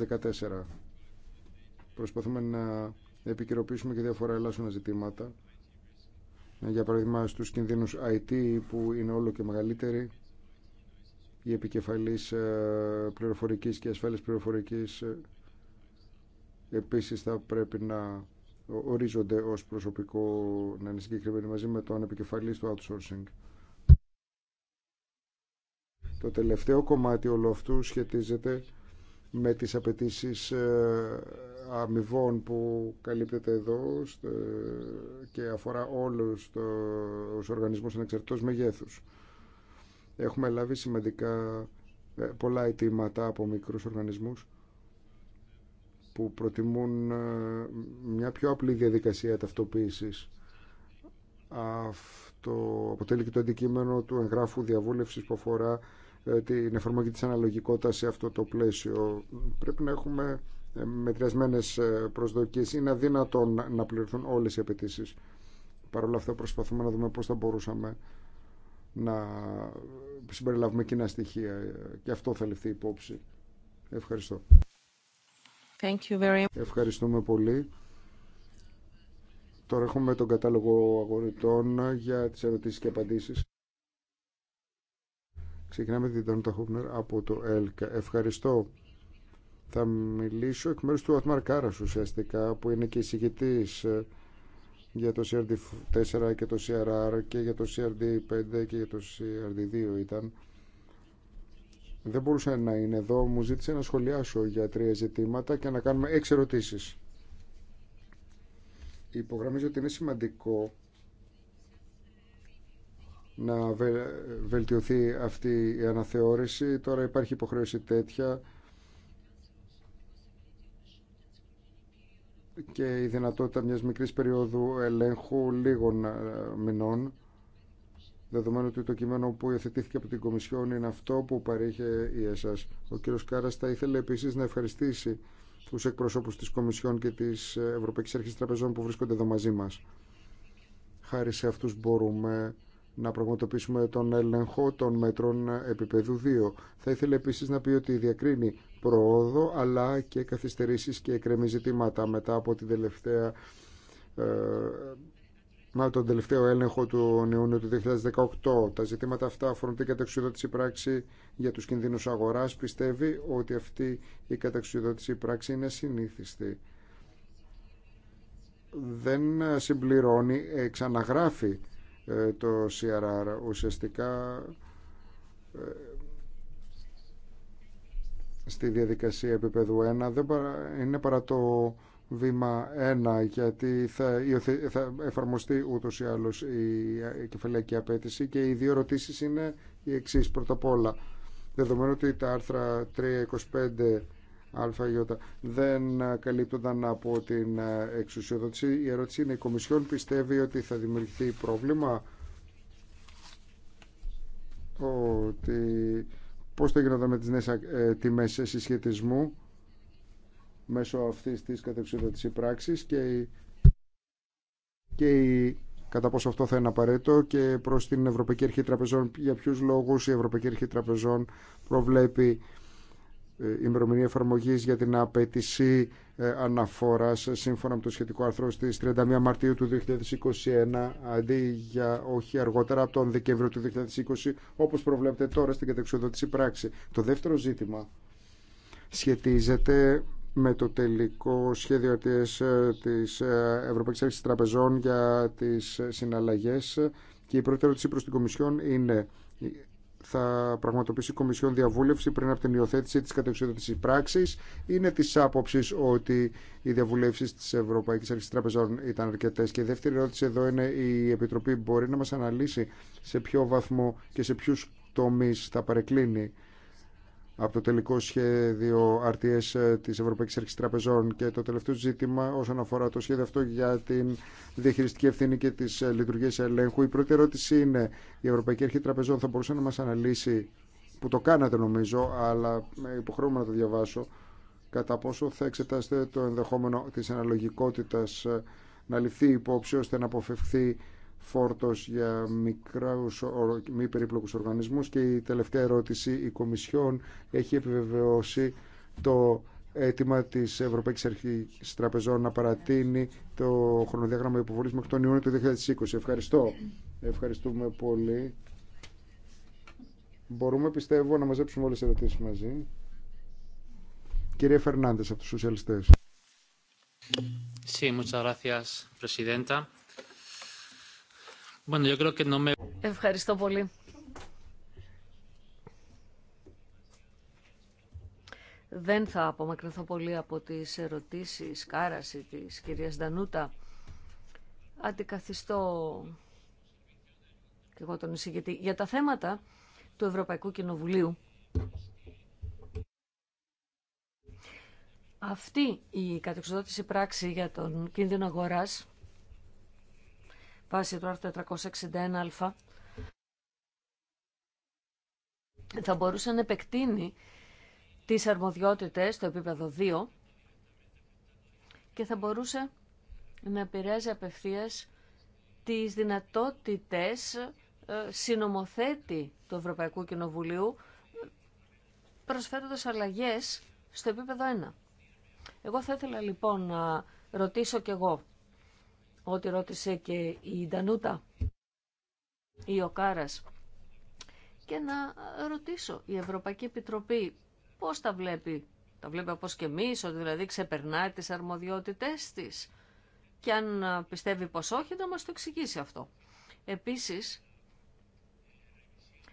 2014. Προσπαθούμε να επικαιροποιήσουμε και διάφορα ελάσσονα ζητήματα. Για παράδειγμα στους κινδύνους IT που είναι όλο και μεγαλύτεροι η επικεφαλής ε, πληροφορικής και ασφάλειας πληροφορικής ε, επίσης θα πρέπει να ορίζονται ως προσωπικό να είναι συγκεκριμένοι μαζί με τον επικεφαλής του outsourcing. Το τελευταίο κομμάτι όλου αυτού σχετίζεται με τις απαιτήσει ε, αμοιβών που καλύπτεται εδώ και αφορά όλους τους οργανισμούς ανεξαρτητός μεγέθους. Έχουμε λάβει σημαντικά ε, πολλά αιτήματα από μικρούς οργανισμούς που προτιμούν ε, μια πιο απλή διαδικασία ταυτοποίησης. Αυτό αποτελεί και το αντικείμενο του εγγράφου διαβούλευσης που αφορά ε, την εφαρμογή της αναλογικότητας σε αυτό το πλαίσιο. Πρέπει να έχουμε μετριασμένες προσδοκίες. Είναι αδύνατο να πληρωθούν όλες οι απαιτήσει. Παρ' όλα αυτά προσπαθούμε να δούμε πώς θα μπορούσαμε να συμπεριλάβουμε κοινά στοιχεία και αυτό θα ληφθεί υπόψη. Ευχαριστώ. Thank Ευχαριστούμε πολύ. Τώρα έχουμε τον κατάλογο αγορητών για τις ερωτήσεις και απαντήσεις. Ξεκινάμε την Τανούτα Χούπνερ από το ΕΛΚΑ. Ευχαριστώ. Θα μιλήσω εκ μέρους του Ατμαρ Κάρας ουσιαστικά που είναι και εισηγητής για το CRD4 και το CRR και για το CRD5 και για το CRD2 ήταν. Δεν μπορούσε να είναι εδώ. Μου ζήτησε να σχολιάσω για τρία ζητήματα και να κάνουμε έξι ερωτήσεις. Υπογραμμίζω ότι είναι σημαντικό να βελτιωθεί αυτή η αναθεώρηση. Τώρα υπάρχει υποχρέωση τέτοια και η δυνατότητα μιας μικρής περίοδου ελέγχου λίγων ε, μηνών δεδομένου ότι το κείμενο που υιοθετήθηκε από την Κομισιόν είναι αυτό που παρήχε η ΕΣΑΣ. Ο κύριος Κάρας θα ήθελε επίσης να ευχαριστήσει τους εκπροσώπους της Κομισιόν και της Ευρωπαϊκής Αρχής Τραπεζών που βρίσκονται εδώ μαζί μας. Χάρη σε αυτούς μπορούμε να πραγματοποιήσουμε τον έλεγχο των μέτρων επίπεδου 2. Θα ήθελε επίσης να πει ότι διακρίνει πρόοδο αλλά και καθυστερήσεις και εκκρεμή ζητήματα μετά από την τελευταία με τον τελευταίο έλεγχο του Ιούνιου του 2018. Τα ζητήματα αυτά αφορούν την καταξιδότηση πράξη για τους κινδύνους αγοράς. Πιστεύει ότι αυτή η καταξιδότηση πράξη είναι συνήθιστη. Δεν συμπληρώνει, ε, ξαναγράφει ε, το CRR. Ουσιαστικά ε, στη διαδικασία επίπεδου 1 δεν είναι παρά το βήμα 1 γιατί θα, θα εφαρμοστεί ούτως ή άλλως η κεφαλαϊκή απέτηση και οι δύο ερωτήσει είναι οι εξή πρώτα απ' όλα δεδομένου ότι τα άρθρα 325 ΑΙ δεν καλύπτονταν από την εξουσιοδότηση. Η ερώτηση είναι η Κομισιόν πιστεύει ότι θα δημιουργηθεί πρόβλημα ότι Πώς θα γίνονται με τις νέες ε, τιμές συσχετισμού μέσω αυτής της κατεξοδοτής πράξης και και κατά πόσο αυτό θα είναι απαραίτητο και προς την Ευρωπαϊκή Αρχή Τραπεζών για ποιους λόγους η Ευρωπαϊκή Αρχή Τραπεζών προβλέπει ε, ημερομηνία εφαρμογή για την απέτηση ε, αναφορά ε, σύμφωνα με το σχετικό άρθρο στι 31 Μαρτίου του 2021 αντί για όχι αργότερα από τον Δεκέμβριο του 2020 όπως προβλέπεται τώρα στην κατεξοδότηση πράξη. Το δεύτερο ζήτημα σχετίζεται με το τελικό σχέδιο της Ευρωπαϊκής Τραπεζών για τις συναλλαγές και η πρώτη ερώτηση προς την Κομισιόν είναι θα πραγματοποιήσει η Κομισιόν διαβούλευση πριν από την υιοθέτηση τη κατεξοδότηση πράξη. Είναι τη άποψη ότι οι διαβουλεύσει τη Ευρωπαϊκή Αρχή Τραπεζών ήταν αρκετέ. Και η δεύτερη ερώτηση εδώ είναι η Επιτροπή μπορεί να μα αναλύσει σε ποιο βαθμό και σε ποιου τομεί θα παρεκκλίνει από το τελικό σχέδιο RTS ε, της Ευρωπαϊκής Αρχή Τραπεζών και το τελευταίο ζήτημα όσον αφορά το σχέδιο αυτό για την διαχειριστική ευθύνη και τις ε, λειτουργίες ελέγχου. Η πρώτη ερώτηση είναι η Ευρωπαϊκή Αρχή Τραπεζών θα μπορούσε να μας αναλύσει που το κάνατε νομίζω, αλλά ε, υποχρεώμαι να το διαβάσω, κατά πόσο θα εξετάσετε το ενδεχόμενο της αναλογικότητας να ληφθεί υπόψη ώστε να αποφευχθεί φόρτος για μικρούς, μη περίπλοκους οργανισμούς και η τελευταία ερώτηση η Κομισιόν έχει επιβεβαιώσει το αίτημα της Ευρωπαϊκής Αρχής Τραπεζών να παρατείνει το χρονοδιάγραμμα υποβολής μέχρι τον Ιούνιο του 2020. Ευχαριστώ. Ευχαριστούμε πολύ. Μπορούμε, πιστεύω, να μαζέψουμε όλες τις ερωτήσεις μαζί. Κύριε Φερνάντες, από τους Σοσιαλιστές. Sí, muchas gracias, Presidenta. Ευχαριστώ πολύ. Δεν θα απομακρυνθώ πολύ από τις ερωτήσεις κάραση της κυρίας Ντανούτα. Αντικαθιστώ και εγώ τον εισηγητή. Για τα θέματα του Ευρωπαϊκού Κοινοβουλίου, αυτή η κατεξοδότηση πράξη για τον κίνδυνο αγοράς βάσει του άρθρου 461α θα μπορούσε να επεκτείνει τις αρμοδιότητες στο επίπεδο 2 και θα μπορούσε να επηρεάζει απευθείας τις δυνατότητες ε, συνομοθέτη του Ευρωπαϊκού Κοινοβουλίου προσφέροντας αλλαγές στο επίπεδο 1. Εγώ θα ήθελα λοιπόν να ρωτήσω κι εγώ ό,τι ρώτησε και η Ντανούτα ή ο Κάρας. Και να ρωτήσω, η Ευρωπαϊκή Επιτροπή πώς τα βλέπει. Τα βλέπει όπως και εμείς, ότι δηλαδή ξεπερνάει τις αρμοδιότητές της. Και αν πιστεύει πως όχι, να μας το εξηγήσει αυτό. Επίσης,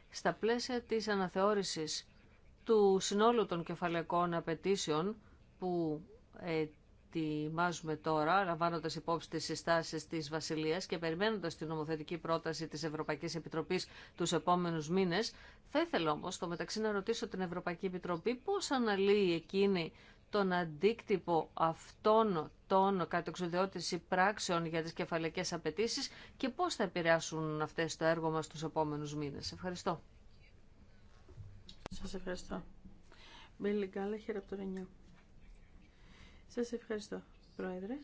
στα πλαίσια της αναθεώρησης του συνόλου των κεφαλαικών απαιτήσεων που ε, Ετοιμάζουμε τώρα, λαμβάνοντα υπόψη τι συστάσει τη Βασιλεία και περιμένοντα την νομοθετική πρόταση τη Ευρωπαϊκή Επιτροπή του επόμενου μήνε, θα ήθελα όμω στο μεταξύ να ρωτήσω την Ευρωπαϊκή Επιτροπή πώ αναλύει εκείνη τον αντίκτυπο αυτών των κατεξουδιώτηση πράξεων για τις κεφαλαικές απαιτήσει και πώς θα επηρεάσουν αυτές το έργο μας τους επόμενους μήνες. Ευχαριστώ. Σας ευχαριστώ. Μπέλη Γκάλα, σας ευχαριστώ, Πρόεδρε.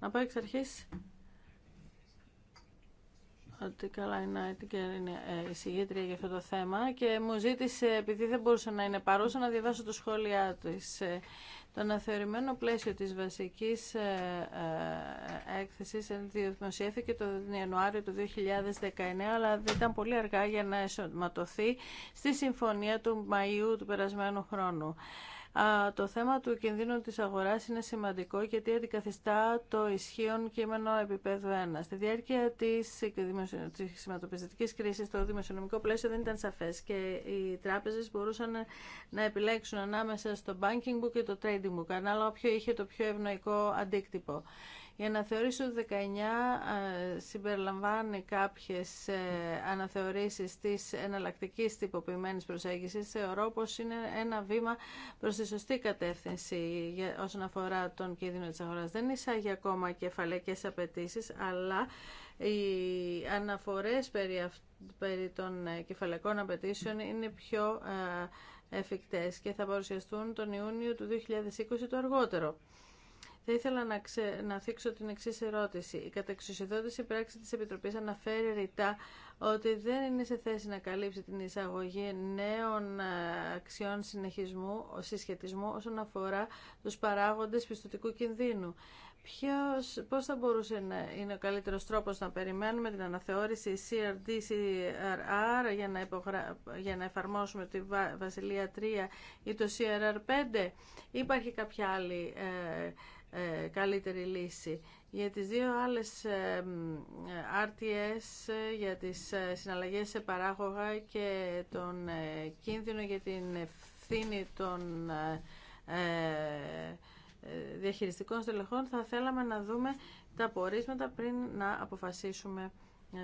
Να πω εξ αρχής ότι καλά είναι και είναι ε, για αυτό το θέμα και μου ζήτησε, επειδή δεν μπορούσε να είναι παρούσα, να διαβάσω το σχόλιά της. Ε, το αναθεωρημένο πλαίσιο της βασικής ε, έκθεσης δημοσιεύθηκε το Ιανουάριο του 2019, αλλά δεν ήταν πολύ αργά για να εσωματωθεί στη συμφωνία του Μαΐου του περασμένου χρόνου το θέμα του κινδύνου της αγοράς είναι σημαντικό γιατί αντικαθιστά το ισχύον κείμενο επίπεδου 1. Στη διάρκεια της, της χρηματοπιστωτικής κρίσης το δημοσιονομικό πλαίσιο δεν ήταν σαφές και οι τράπεζες μπορούσαν να επιλέξουν ανάμεσα στο banking book και το trading book, ανάλογα ποιο είχε το πιο ευνοϊκό αντίκτυπο. Για να του 19 συμπεριλαμβάνει κάποιες ε, αναθεωρήσεις της εναλλακτική τυποποιημένης προσέγγισης, θεωρώ πως είναι ένα βήμα προς τη σωστή κατεύθυνση όσον αφορά τον κίνδυνο της αγοράς. Δεν εισάγει ακόμα κεφαλαίκες απαιτήσει, αλλά οι αναφορές περί, περί των ε, κεφαλαϊκών απαιτήσεων είναι πιο ε, εφικτές και θα παρουσιαστούν τον Ιούνιο του 2020 το αργότερο. Θα ήθελα να, ξε... να θίξω την εξή ερώτηση. Η κατεξουσιοδότηση πράξη της Επιτροπής αναφέρει ρητά ότι δεν είναι σε θέση να καλύψει την εισαγωγή νέων ε, αξιών συνεχισμού, συσχετισμού όσον αφορά τους παράγοντες πιστοτικού κινδύνου. Ποιος, πώς θα μπορούσε να είναι ο καλύτερος τρόπος να περιμένουμε την αναθεώρηση CRD-CRR για, να για να εφαρμόσουμε τη Βα... Βασιλεία 3 ή το CRR 5. Υπάρχει κάποια άλλη ε, ε, καλύτερη λύση. Για τις δύο άλλες ε, ε, RTS, για τις συναλλαγές σε παράγωγα και τον κίνδυνο για την ευθύνη των διαχειριστικών στελεχών, θα θέλαμε να δούμε τα πορίσματα πριν να αποφασίσουμε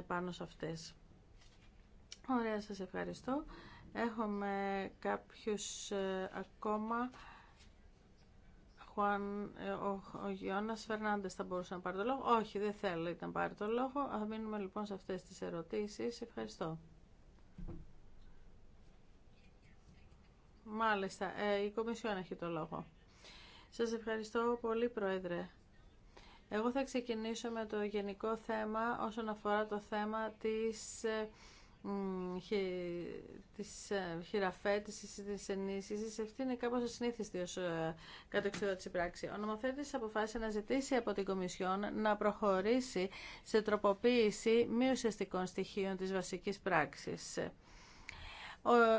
πάνω σε αυτές. Ωραία, σας ευχαριστώ. Έχουμε κάποιους ακόμα Χουάν, ε, ο, ο Γιώνας Φερνάντες θα μπορούσε να πάρει το λόγο. Όχι, δεν θέλει να πάρει το λόγο. Θα μείνουμε λοιπόν σε αυτές τις ερωτήσεις. Ευχαριστώ. Μάλιστα, ε, η Κομισιόν έχει το λόγο. Σας ευχαριστώ πολύ, Πρόεδρε. Εγώ θα ξεκινήσω με το γενικό θέμα όσον αφορά το θέμα της ε, της ε, χειραφέτησης ή της ενίσχυσης, αυτή είναι κάπως ασυνήθιστη ως ε, κατεξοδότηση πράξη. Ο νομοθέτης αποφάσισε να ζητήσει από την Κομισιόν να προχωρήσει σε τροποποίηση μη ουσιαστικών στοιχείων της βασικής πράξης.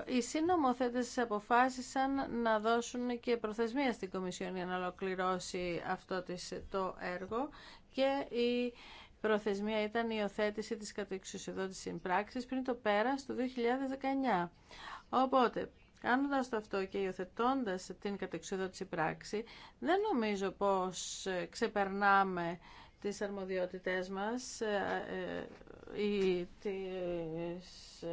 Οι συνομοθέτες αποφάσισαν να δώσουν και προθεσμία στην Κομισιόν για να ολοκληρώσει αυτό το έργο και η προθεσμία ήταν η υιοθέτηση της κατεξουσιοδότησης συμπράξης πριν το πέρας του 2019. Οπότε, Κάνοντας το αυτό και υιοθετώντα την κατεξουσιοδότηση πράξη, δεν νομίζω πως ε, ξεπερνάμε τις αρμοδιότητές μας ε, ε, ή τις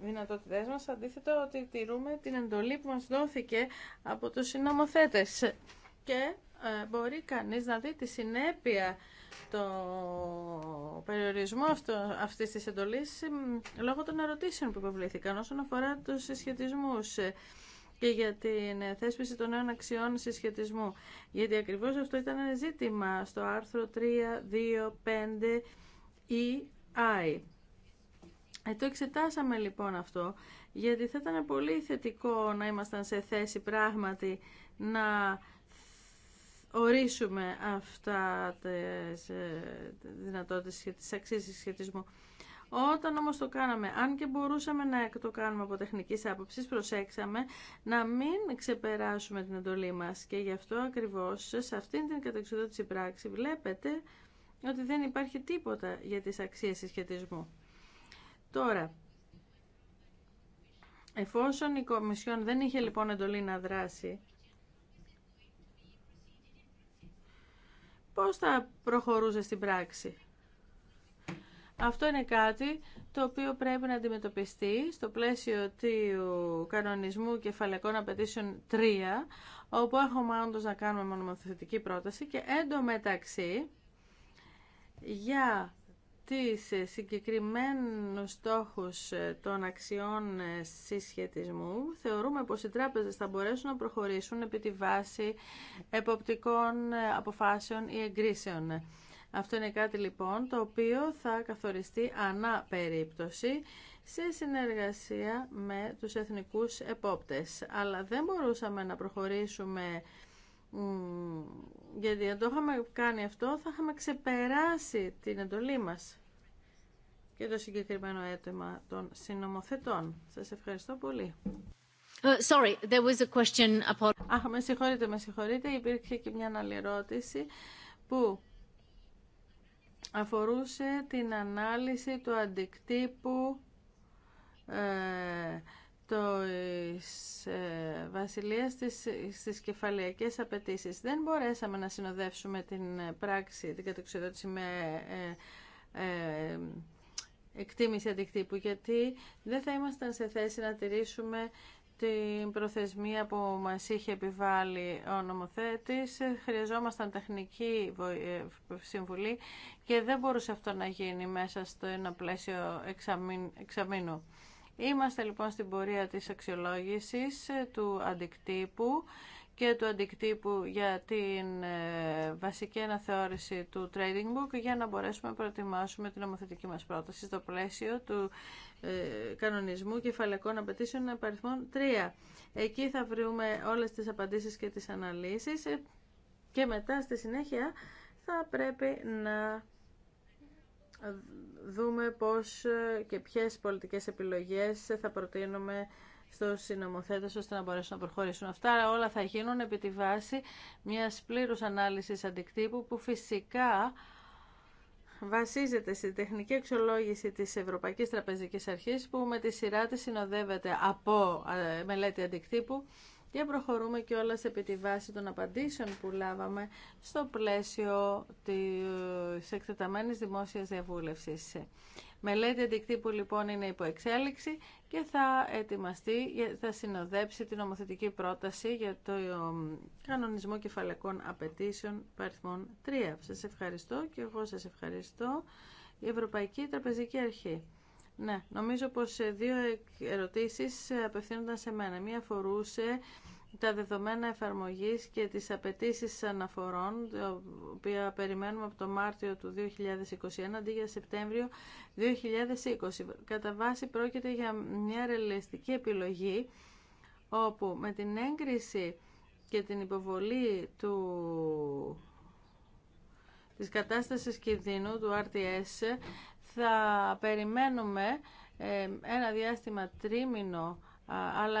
δυνατότητές μας. Αντίθετα, ότι τηρούμε την εντολή που μας δόθηκε από τους συνομοθέτες. Και μπορεί κανείς να δει τη συνέπεια το περιορισμό αυτό, αυτής της εντολής λόγω των ερωτήσεων που υποβλήθηκαν όσον αφορά τους συσχετισμούς ε, και για την ε, θέσπιση των νέων αξιών συσχετισμού. Γιατί ακριβώς αυτό ήταν ένα ζήτημα στο άρθρο 3.2.5 EI. Ε, το εξετάσαμε λοιπόν αυτό, γιατί θα ήταν πολύ θετικό να ήμασταν σε θέση πράγματι να ορίσουμε αυτά ε, τις δυνατότητες και τις αξίες σχετισμού. Όταν όμως το κάναμε, αν και μπορούσαμε να το κάνουμε από τεχνικής άποψης, προσέξαμε να μην ξεπεράσουμε την εντολή μας και γι' αυτό ακριβώς σε αυτήν την κατεξοδότηση πράξη βλέπετε ότι δεν υπάρχει τίποτα για τις αξίες συσχετισμού. Τώρα, εφόσον η Κομισιόν δεν είχε λοιπόν εντολή να δράσει, πώς θα προχωρούσε στην πράξη. Αυτό είναι κάτι το οποίο πρέπει να αντιμετωπιστεί στο πλαίσιο του κανονισμού κεφαλαικών απαιτήσεων 3, όπου έχουμε όντως να κάνουμε μονομοθετική πρόταση και εντωμεταξύ για τις ε, συγκεκριμένους στόχους ε, των αξιών ε, συσχετισμού, θεωρούμε πως οι τράπεζες θα μπορέσουν να προχωρήσουν επί τη βάση εποπτικών αποφάσεων ή εγκρίσεων. Αυτό είναι κάτι λοιπόν το οποίο θα καθοριστεί ανά περίπτωση σε συνεργασία με τους εθνικούς επόπτες. Αλλά δεν μπορούσαμε να προχωρήσουμε γιατί αν το είχαμε κάνει αυτό θα είχαμε ξεπεράσει την εντολή μας και το συγκεκριμένο αίτημα των συνομοθετών. Σας ευχαριστώ πολύ. Ε, sorry, there was a question Αχ, με συγχωρείτε, με συγχωρείτε. Υπήρχε και μια άλλη ερώτηση που αφορούσε την ανάλυση του αντικτύπου ε, το ε, βασιλεία στις, στις απαιτήσει. Δεν μπορέσαμε να συνοδεύσουμε την ε, πράξη, την κατεξοδότηση με ε, ε, εκτίμηση αντικτύπου, γιατί δεν θα ήμασταν σε θέση να τηρήσουμε την προθεσμία που μας είχε επιβάλει ο νομοθέτης. Χρειαζόμασταν τεχνική συμβουλή και δεν μπορούσε αυτό να γίνει μέσα στο ένα πλαίσιο εξαμήνου. Είμαστε λοιπόν στην πορεία της αξιολόγησης ε, του αντικτύπου και του αντικτύπου για την ε, βασική αναθεώρηση του Trading Book για να μπορέσουμε να προετοιμάσουμε την νομοθετική μας πρόταση στο πλαίσιο του ε, κανονισμού κεφαλαικών απαιτήσεων επαριθμών 3. Εκεί θα βρούμε όλες τις απαντήσεις και τις αναλύσεις και μετά στη συνέχεια θα πρέπει να δούμε πώς ε, και ποιες πολιτικές επιλογές θα προτείνουμε στους συνομοθέτες ώστε να μπορέσουν να προχωρήσουν. Αυτά όλα θα γίνουν επί τη βάση μιας πλήρους ανάλυσης αντικτύπου που φυσικά βασίζεται στη τεχνική αξιολόγηση της Ευρωπαϊκής Τραπεζικής Αρχής που με τη σειρά της συνοδεύεται από ε, μελέτη αντικτύπου και προχωρούμε και όλα σε τη βάση των απαντήσεων που λάβαμε στο πλαίσιο της εκτεταμένης δημόσιας διαβούλευσης. Μελέτη αντικτύπου λοιπόν είναι υπό εξέλιξη και θα ετοιμαστεί, θα συνοδέψει την νομοθετική πρόταση για το ε, κανονισμό κεφαλαικών απαιτήσεων παριθμών 3. Σας ευχαριστώ και εγώ σας ευχαριστώ. Η Ευρωπαϊκή Τραπεζική Αρχή. Ναι, νομίζω πως ε, δύο ερωτήσεις ε, απευθύνονταν σε μένα. Μία αφορούσε τα δεδομένα εφαρμογής και τις απαιτήσει αναφορών, τα οποία περιμένουμε από το Μάρτιο του 2021 αντί για Σεπτέμβριο 2020. Κατά βάση πρόκειται για μια ρελεστική επιλογή, όπου με την έγκριση και την υποβολή του της κατάστασης κινδύνου του RTS θα περιμένουμε ε, ένα διάστημα τρίμηνο αλλά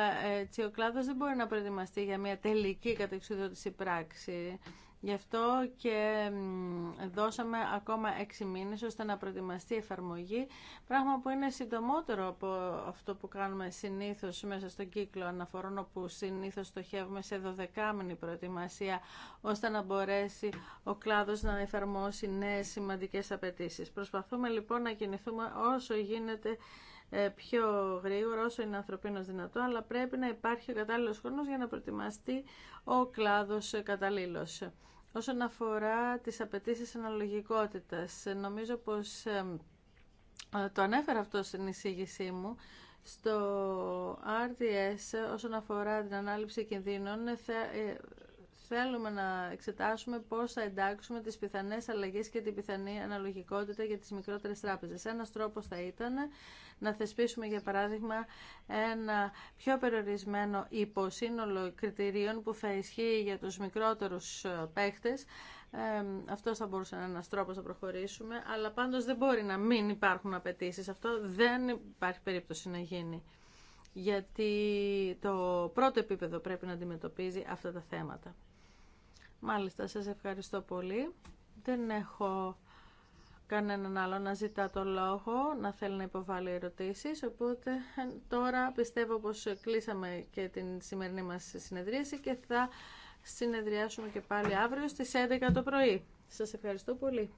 ε, ο κλάδος δεν μπορεί να προετοιμαστεί για μια τελική κατεξοδότηση πράξη. Γι' αυτό και δώσαμε ακόμα έξι μήνες ώστε να προετοιμαστεί η εφαρμογή, πράγμα που είναι συντομότερο από αυτό που κάνουμε συνήθως μέσα στον κύκλο αναφορών, όπου συνήθως στοχεύουμε σε 12 προετοιμασία, ώστε να μπορέσει ο κλάδος να εφαρμόσει νέες σημαντικές απαιτήσεις. Προσπαθούμε λοιπόν να κινηθούμε όσο γίνεται ε, πιο γρήγορα όσο είναι ανθρωπίνως δυνατό, αλλά πρέπει να υπάρχει ο κατάλληλο χρόνο για να προετοιμαστεί ο κλάδος ε, καταλήλω. Όσον αφορά τις απαιτήσεις αναλογικότητας, νομίζω πως ε, το ανέφερα αυτό στην εισήγησή μου, στο RDS όσον αφορά την ανάληψη κινδύνων ε, θέλουμε να εξετάσουμε πώς θα εντάξουμε τις πιθανές αλλαγές και την πιθανή αναλογικότητα για τις μικρότερες τράπεζες. Ένας τρόπος θα ήταν να θεσπίσουμε, για παράδειγμα, ένα πιο περιορισμένο υποσύνολο κριτηρίων που θα ισχύει για τους μικρότερους ε, παίχτες. Ε, αυτό θα μπορούσε να είναι ένας τρόπος να προχωρήσουμε, αλλά πάντως δεν μπορεί να μην υπάρχουν απαιτήσει. Αυτό δεν υπάρχει περίπτωση να γίνει γιατί το πρώτο επίπεδο πρέπει να αντιμετωπίζει αυτά τα θέματα. Μάλιστα, σας ευχαριστώ πολύ. Δεν έχω κανέναν άλλο να ζητά το λόγο, να θέλει να υποβάλει ερωτήσεις, οπότε ε, τώρα πιστεύω πως κλείσαμε και την σημερινή μας συνεδρίαση και θα συνεδριάσουμε και πάλι αύριο στις 11 το πρωί. Σας ευχαριστώ πολύ.